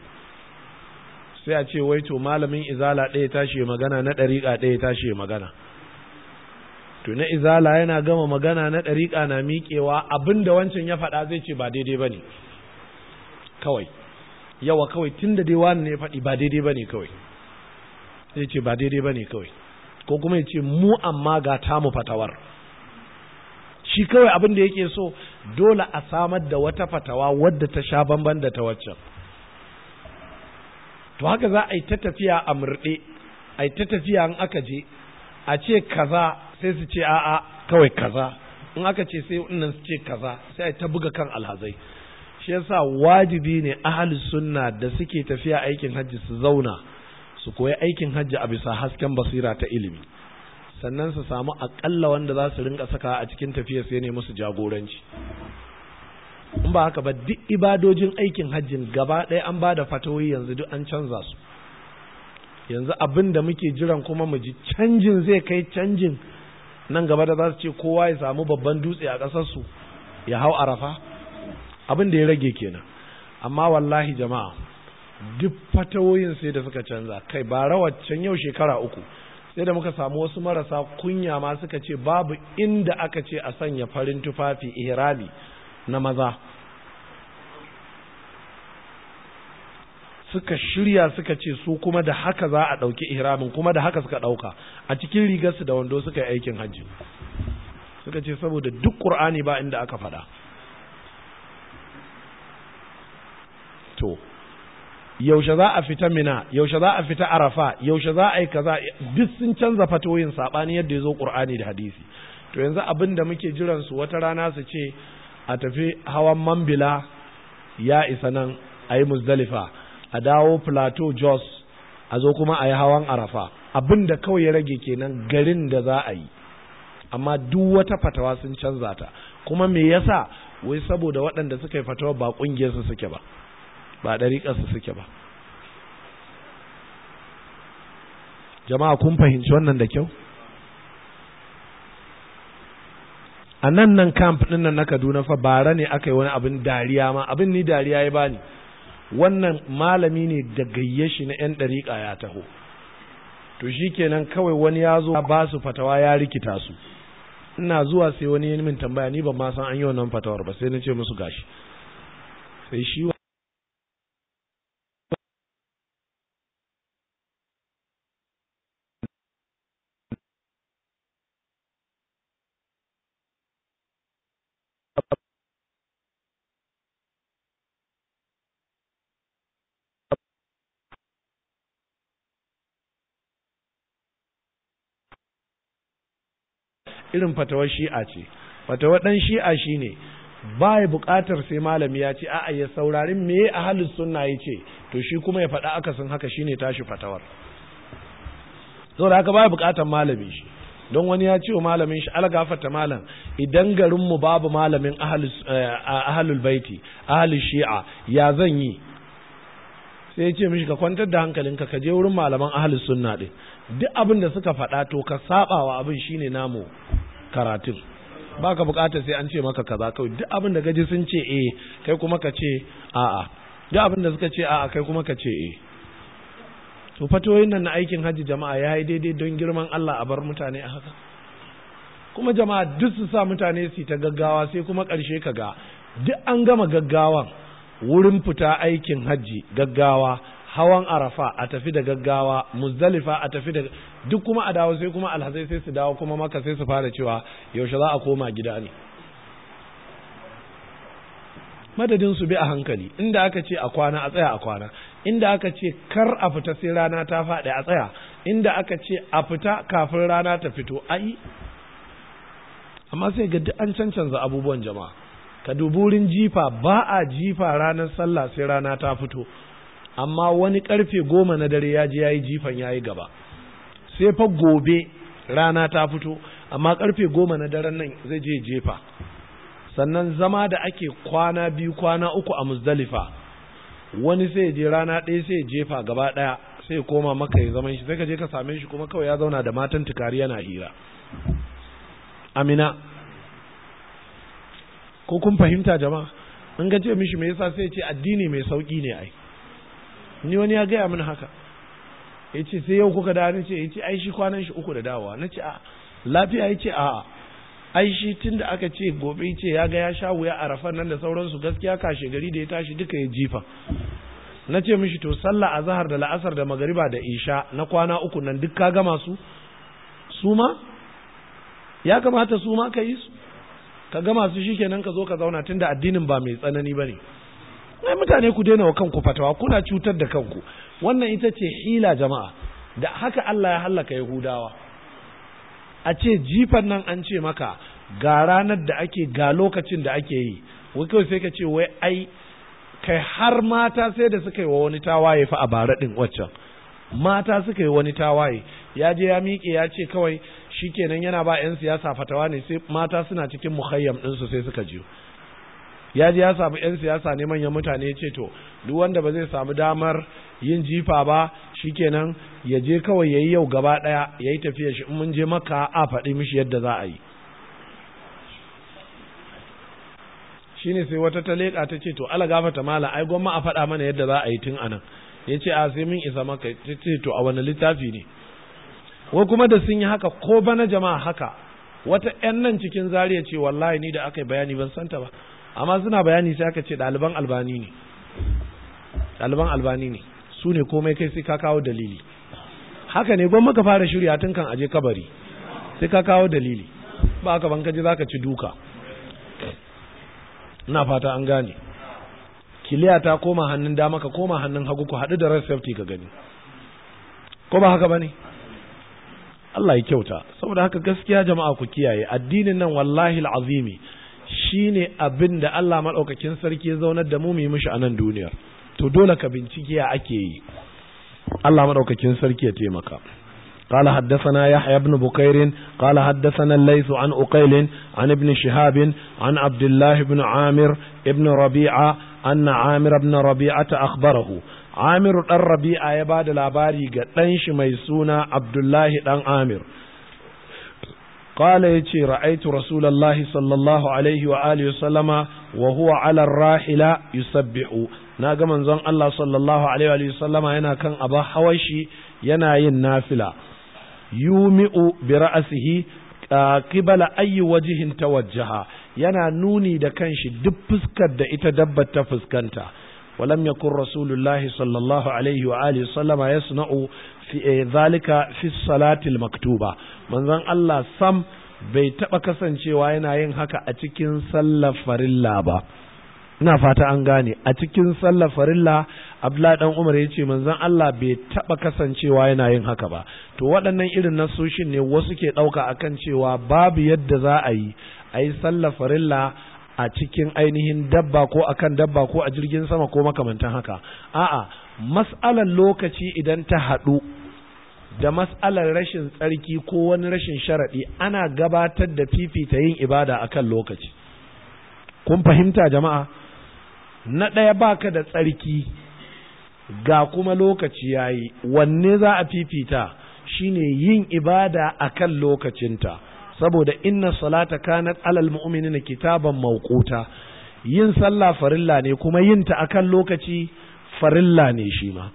sai a ce wai to malamin izala ɗaya tashi magana na ɗariƙa ɗaya tashi magana to na izala yana gama magana na ɗariƙa na miƙewa abinda wancan ya faɗa zai ce ba daidai ba ne kawai yawa kawai tun da dai wani ne ya faɗi ba daidai ba ne kawai zai ce ba daidai ba ne kawai ko kuma ya ce mu amma ga tamu fatawar shi kawai abin da yake so dole a samar da wata fatawa wadda ta sha bamban da ta waccan to haka za a yi ta tafiya a murɗe a yi ta tafiya in aka je a ce kaza sai su ce a'a kawai kaza in aka ce sai wannan su ce kaza sai a ta buga kan alhazai shi yasa wajibi ne ahli sunna da suke tafiya aikin hajji su zauna su koyi aikin hajji a bisa hasken basira ta ilimi sannan su samu akalla wanda za su rinka saka a cikin tafiyar sai ne musu jagoranci in ba haka ba duk ibadojin aikin hajjin gaba ɗaya an ba da fatawoyi yanzu duk an canza su yanzu abin da muke jiran kuma mu ji canjin zai kai canjin nan gaba da za su ce kowa ya samu babban dutse a ƙasarsu ya hau arafa abin da ya rage kenan amma wallahi jama'a duk fatawoyin sai da suka canza kai ba rawar can yau shekara uku sai da muka samu wasu marasa kunya ma suka ce babu inda aka ce a sanya farin tufafi ihrami na maza suka shirya suka ce su kuma da haka za a ɗauki ihramin kuma da haka suka ɗauka a cikin rigarsu da wando suka yi aikin hajji suka ce saboda duk ƙur'ani ba inda aka faɗa to yaushe za a fita mina yaushe za a fita arafa yaushe za a yi kaza duk sun canza fatoyin sabani yadda ya zo qur'ani da hadisi to yanzu abin da muke jiran su wata rana su ce a tafi hawan mambila ya isa nan a yi muzdalifa a dawo plateau jos a zo kuma a yi hawan arafa abin da kawai ya rage kenan garin da za a yi amma duk wata fatawa sun canza ta kuma me yasa wai saboda waɗanda suka yi fatawa ba ƙungiyarsu suke ba ba ɗariƙarsa suke ba jama'a kun fahimci wannan da kyau a nan nan camp ɗin nan na kaduna fa bara ne aka yi wani abin dariya ma abin ni dariya ya bani wannan malami ne da gayyashi na 'yan ɗariƙa ya taho to shi kenan kawai wani ya zo ba su fatawa ya rikita su ina zuwa sai wani yin min tambaya ni ban ma san an yi wannan fatawar ba sai na ce musu gashi sai shi irin fatawar shi'a ce fatawar dan shi'a shine ba ya buƙatar sai malami ya ce a'a ya saurari me ahlus sunna ce to shi kuma ya faɗa sun haka shine tashi fatawar saboda haka ba ya buƙatar malami shi don wani ya ce wa malamin shi algafata malam idan garinmu babu malamin ahalul eh, baiti ahalul shi'a ya zan yi sai ya ce mishi ka kwantar da hankalinka ka je wurin malaman ahalul sunna din duk abin da suka faɗa to ka saɓa wa abin shine namu karatun baka bukata sai an ce maka kaza kawai duk abin da gaji sun ce eh kai kuma ka ce a'a duk abin da suka ce a'a kai kuma ka ce eh to fatoyin nan na aikin hajji jama'a ya yi daidai don girman Allah a bar mutane a haka kuma jama'a duk su sa mutane su ta gaggawa sai kuma ƙarshe ka ga duk an gama gaggawan wurin fita aikin hajji gaggawa hawan arafa a tafi da gaggawa muzdalifa a tafi da duk kuma a dawo sai kuma alhazai sai su dawo kuma maka sai su fara cewa yaushe za a koma gida ne madadin su bi a hankali inda aka ce a kwana a tsaya a kwana inda aka ce kar a fita sai rana ta faɗi a tsaya inda aka ce a fita kafin rana ta fito ai amma sai ga an cancanza abubuwan jama'a ka jifa ba a jifa ranar sallah sai rana ta fito amma wani karfe goma na dare ya ji ya yi jifan ya yi gaba sai fa gobe rana ta fito amma karfe goma na daren nan zai je jefa sannan zama da ake kwana biyu kwana uku a muzdalifa wani sai je rana ɗaya sai jefa gaba ɗaya sai koma maka ya zama shi sai ka je ka same shi kuma kawai ya zauna da matan tukari yana hira amina ko kun fahimta jama'a in ka ce mishi me yasa sai ce addini mai sauki ne ai ni wani ya gaya mana haka ya ce sai yau kuka dawo nace ce ya ce ai shi kwanan shi uku da dawa na ce a lafiya ya ce a ai shi tun da aka ce gobe ya ce ya ga ya sha wuya a rafan nan da sauransu gaskiya kashe gari da ya tashi duka ya jifa na ce mishi to sallah a zahar da la'asar da magariba da isha na kwana uku nan duk ka gama su su ma ya kamata su ma ka yi su ka gama su shikenan ka zo ka zauna tun da addinin ba mai tsanani ba ne sai mutane ku daina wa kanku fatawa kuna cutar da kanku wannan ita ce hila jama'a da haka Allah ya hallaka yahudawa a ce jifan nan an ce maka ga ranar da ake ga lokacin da ake yi wai kawai sai ka ce wai ai kai har mata sai da suka yi wa wani tawaye fa a bara din waccan mata suka yi wani tawaye ya je ya miƙe ya ce kawai shikenan yana ba 'yan siyasa fatawa ne sai mata suna cikin muhayyam ɗinsu sai suka jiyo ya ji ya samu yan siyasa ne manyan mutane ce to duk wanda ba zai samu damar yin jifa ba shikenan ya je kawai yayi yau gaba daya yayi tafiya shi in mun je maka a faɗi mishi yadda za a yi shine sai wata ta ta ce to ala gafata mala ai gwamma a faɗa mana yadda za a yi tun anan ya ce a sai mun isa maka ta ce to a wani littafi ne wai kuma da sun yi haka ko bana jama'a haka wata 'yan nan cikin zariya ce wallahi ni da aka yi bayani ban santa ba amma suna bayani sai aka ce ɗaliban albani ne ɗaliban albani ne su ne komai kai sai ka kawo dalili haka ne gwamma ka fara shirya tun kan aje kabari sai ka kawo dalili ba aka ban kaji zaka ci duka ina fata an gane kiliya ta koma hannun dama ka koma hannun hagu ku haɗu da red safety ka gani ko ba haka bane Allah ya kyauta saboda haka gaskiya jama'a ku kiyaye addinin nan wallahi alazimi shi ne abin da Allah maɗaukakin sarki ya zaunar da mu mu yi mishi a nan duniyar to dole ka bincike ya ake yi Allah maɗaukakin sarki ya taimaka قال حدثنا يحيى بن بكير قال حدثنا الليث عن أقيل عن ابن شهاب عن عبد الله بن عامر ابن ربيعة أن عامر بن ربيعة أخبره عامر الربيعة يباد الأباري قد تنشي ميسونا عبد الله بن عامر ya ce ra'aitu rasulullahi sallallahu alaihi wa alihi sallama wa huwa ala rahila yusabbihu na ga manzon Allah sallallahu alaihi wa sallama yana kan aba hawashi yana yin nafila yumi'u bi ra'sihi qibala ayi ta wajaha. yana nuni da kanshi duk fuskar da ita dabba ta fuskanta ولم kun رسول الله صلى الله عليه وآله ya يصنع Eh, zalika fi salatil maktuba manzon Allah sam bai taba kasancewa yana yin haka a cikin sallar farilla ba ina fata an gane a cikin sallar farilla abdullahi dan umar ya ce manzon Allah bai taɓa kasancewa yana yin haka ba to waɗannan irin nasoshin ne wasu ke ɗauka akan cewa babu yadda za a yi a yi sallar farilla a cikin ainihin dabba ko akan dabba ko a jirgin sama ko makamantan haka a'a mas'alar lokaci idan ta haɗu da mas'alar rashin tsarki ko wani rashin sharaɗi ana gabatar da fifita yin ibada akan lokaci kun fahimta jama'a na ɗaya baka da tsarki ga kuma lokaci yayi wanne za a fifita shine yin ibada akan lokacinta saboda inna salata kanat alal mu'minina kitaban mawquta yin sallah farilla ne kuma yin ta akan lokaci farilla ne shi ma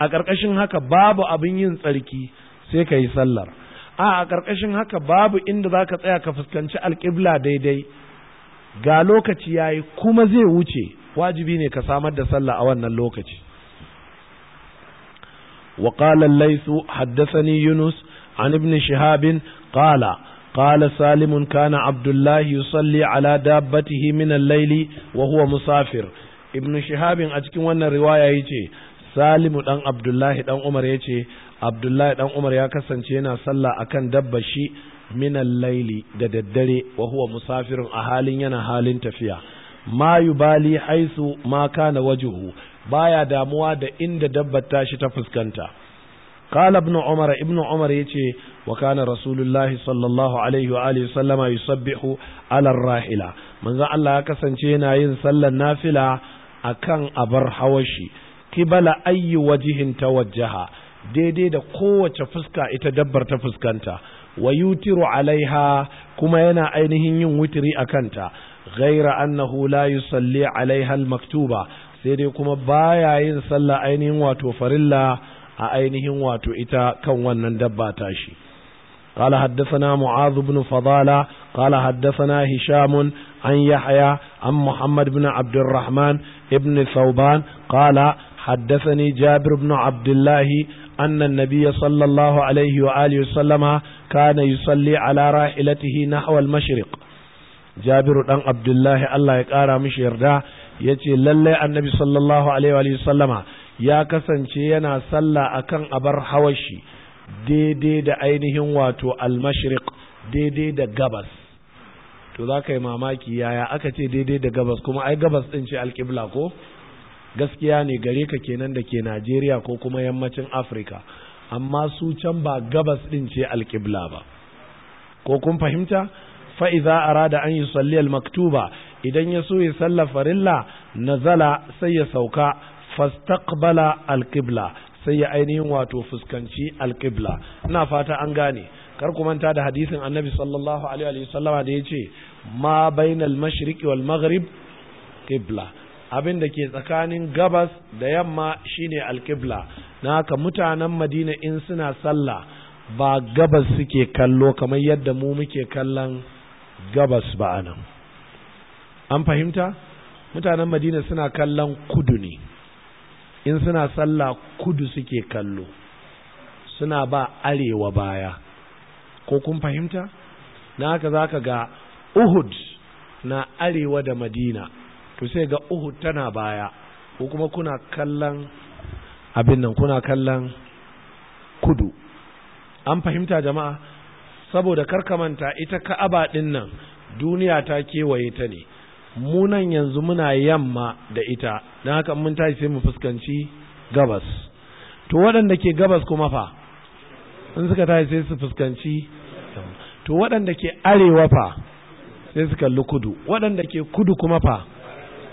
a ƙarƙashin haka babu abin yin tsarki sai ka yi sallar a a ƙarƙashin haka babu inda za ka tsaya ka fuskanci alƙibla daidai ga lokaci ya yi kuma zai wuce wajibi ne ka samar da sallah a wannan lokaci Waƙalan Laisu, haddasani yunus an ibn شهاب ƙala قال سالم كان عبد الله يصلي على دابته من الليل وهو مسافر ibn shihabin a cikin wannan riwaya ce salimu dan abdullahi dan umar yace abdullahi dan umar ya kasance yana sallah akan dabba shi minan laili da daddare wa huwa musafirin a halin yana halin tafiya ma yubali haisu ma kana wajuhu baya damuwa da inda dabbar tashi ta fuskanta قال ابن عمر ابن عمر يتي وكان رسول الله صلى الله عليه وآله وسلم يسبح على الراحلة من ذا الله كسنتين عين النافلة akan abar hawashi shi kibala ayyi wajihin tawajjaha daidai da kowace fuska ita dabbar ta fuskanta wa yutiru alaiha kuma yana ainihin yin wutiri a kanta ghaira annahu la yusalli alaiha almaktuba sai dai kuma baya yin sallah ainihin wato farilla a ainihin wato ita kan wannan dabba tashi قال حدثنا معاذ بن فضالة قال حدثنا هشام عن يحيى عن محمد بن عبد الرحمن ابن ثوبان قال حدثني جابر بن عبد الله أن النبي صلى الله عليه وآله وسلم كان يصلي على راحلته نحو المشرق جابر بن عبد الله الله يقارى مش يرجع يتي للي النبي صلى الله عليه وآله وسلم يا كسن شينا صلى أكن أبر حوشي daidai da ainihin wato almashriq daidai da gabas to za ka yi mamaki yaya aka ce daidai da gabas kuma ai gabas ɗin ce alƙibla ko gaskiya ne gare ka kenan da ke najeriya ko kuma yammacin afirka amma su can ba gabas ɗin ce alƙibla ba ko kun fahimta fa'iza arada an yi salliyar maktuba idan ya so ya salla farilla nazala sai ya sauka fastaqbala alqibla sai ya ainihin wato fuskanci alƙibla ina fata an gane kar ku manta da hadisin annabi sallallahu alaihi wa sallama da yace ma bainal mashriqi wal maghrib qibla abin da ke tsakanin gabas da yamma shine alqibla na haka mutanen madina in suna sallah ba gabas suke kallo kamar yadda mu muke kallon gabas ba anan an fahimta mutanen madina suna kallon kudu ne in suna sallah kudu suke kallo suna ba arewa baya ko kun fahimta na haka za ka ga uhud na arewa da madina to sai ga uhud tana baya ko kuma kuna kallon abin nan kuna kallon kudu an fahimta jama'a saboda karkamanta ita ka'aba ɗin nan duniya ta kewaye ta ne mu nan yanzu muna yamma da ita don haka mun tashi sai mu fuskanci gabas to waɗanda ke gabas kuma fa in suka tashi sai su fuskanci to waɗanda ke arewa fa sai su kalli kudu waɗanda ke kudu kuma fa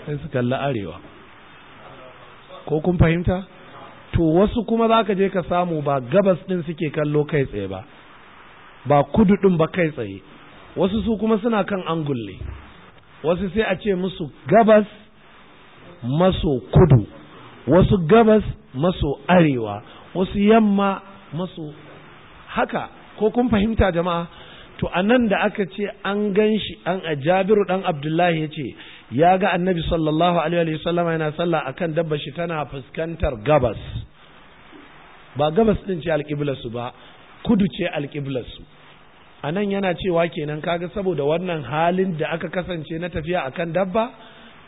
sai su kalli arewa ko kun fahimta to wasu kuma za ka je ka samu ba gabas ɗin suke kallo kai tsaye ba ba kudu ɗin ba kai tsaye wasu su kuma suna kan angulle wasu sai a ce musu gabas maso kudu wasu gabas maso arewa wasu yamma maso haka ko kun fahimta jama'a to a nan da aka ce an gan shi an a jabiru dan abdullahi ya ce ya ga annabi sallallahu alaihi wasallama yana sallah akan dabba shi tana fuskantar gabas ba gabas din ce alƙiblarsu ba kudu ce alƙiblarsu a nan yana cewa kenan kaga saboda wannan halin da aka kasance na tafiya akan dabba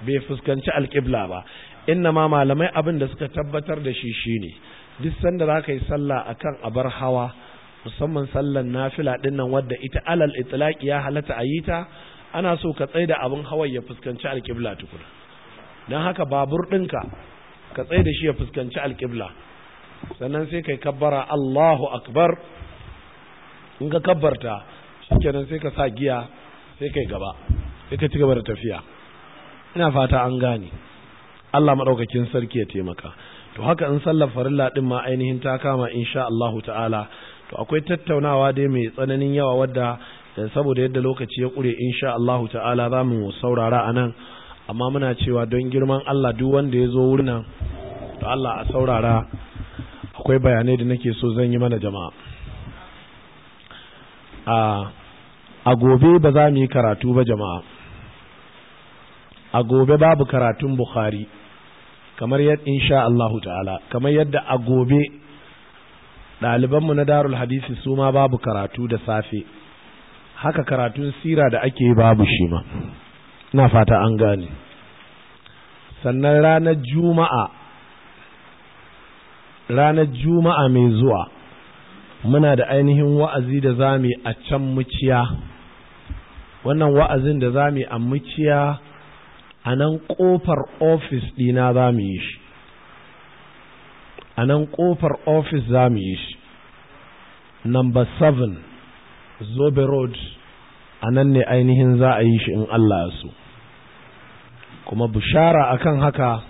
bai fuskanci alƙibla ba inna ma malamai abin da suka tabbatar da shi shine duk sanda za ka yi sallah akan abar hawa musamman sallan nafila din nan wadda ita alal itlaqi ya halatta a yi ta ana so ka tsaye da abin hawa ya fuskanci alƙibla tukuna don haka babur ɗinka ka tsaye da shi ya fuskanci alƙibla sannan sai kai kabbara Allahu akbar in ka kabbarta kenan sai ka sa giya sai kai gaba sai ka ci gaba da tafiya ina fata an gane Allah madaukakin sarki ya taimaka to haka in sallar farilla din ma ainihin ta kama insha Allahu ta'ala to akwai tattaunawa dai mai tsananin yawa wadda eh, saboda yadda lokaci ya kure insha Allah ta'ala za mu saurara nan, amma muna cewa don girman Allah duk wanda ya zo wurin nan to Allah a saurara akwai bayanai da nake so zan yi mana jama'a a gobe ba za mu yi karatu ba jama'a a gobe babu karatun bukhari kamar yadda insha Allahu ta'ala kamar yadda a gobe ɗalibanmu na darul hadisi su ma babu karatu da safe haka karatun sira da ake babu shi ma na fata an gane sannan ranar juma'a ranar juma'a mai zuwa muna da ainihin wa'azi da zami a can muciya wannan wa'azin da za mu a muciya a nan ƙofar ofis ɗina za mu yi shi a nan ƙofar ofis za mu yi shi number 7 zobe road a nan ne ainihin za a yi shi in Allah su kuma bishara akan haka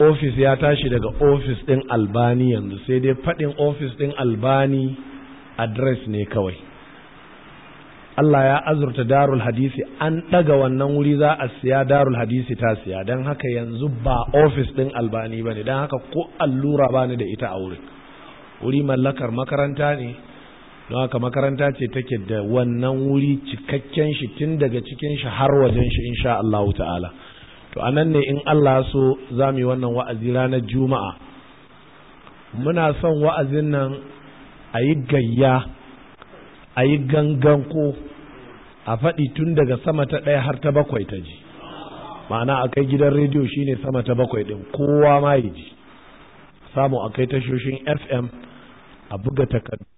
ofis ya tashi daga ofis ɗin albani yanzu sai dai faɗin ofis ɗin albani adres ne kawai Allah ya azurta darul hadisi an ɗaga wannan wuri za a siya darul hadisi ta siya don haka yanzu ba ofis ɗin albani ba ne don haka ko allura ba da ita a wurin wuri mallakar makaranta ne don haka makaranta ce take da wannan wuri cikakken shi tun daga cikin shi har wajen shi insha Allah ta'ala to anan ne in Allah so za mu yi wannan wa'azi ranar juma'a muna son wa'azin nan a yi gayya a yi ganganko a faɗi tun daga sama ta ɗaya har ta bakwai ta ji ma'ana a kai gidan rediyo shine sama ta bakwai ɗin kowa ma ya ji samu a kai tashoshin fm a buga takardu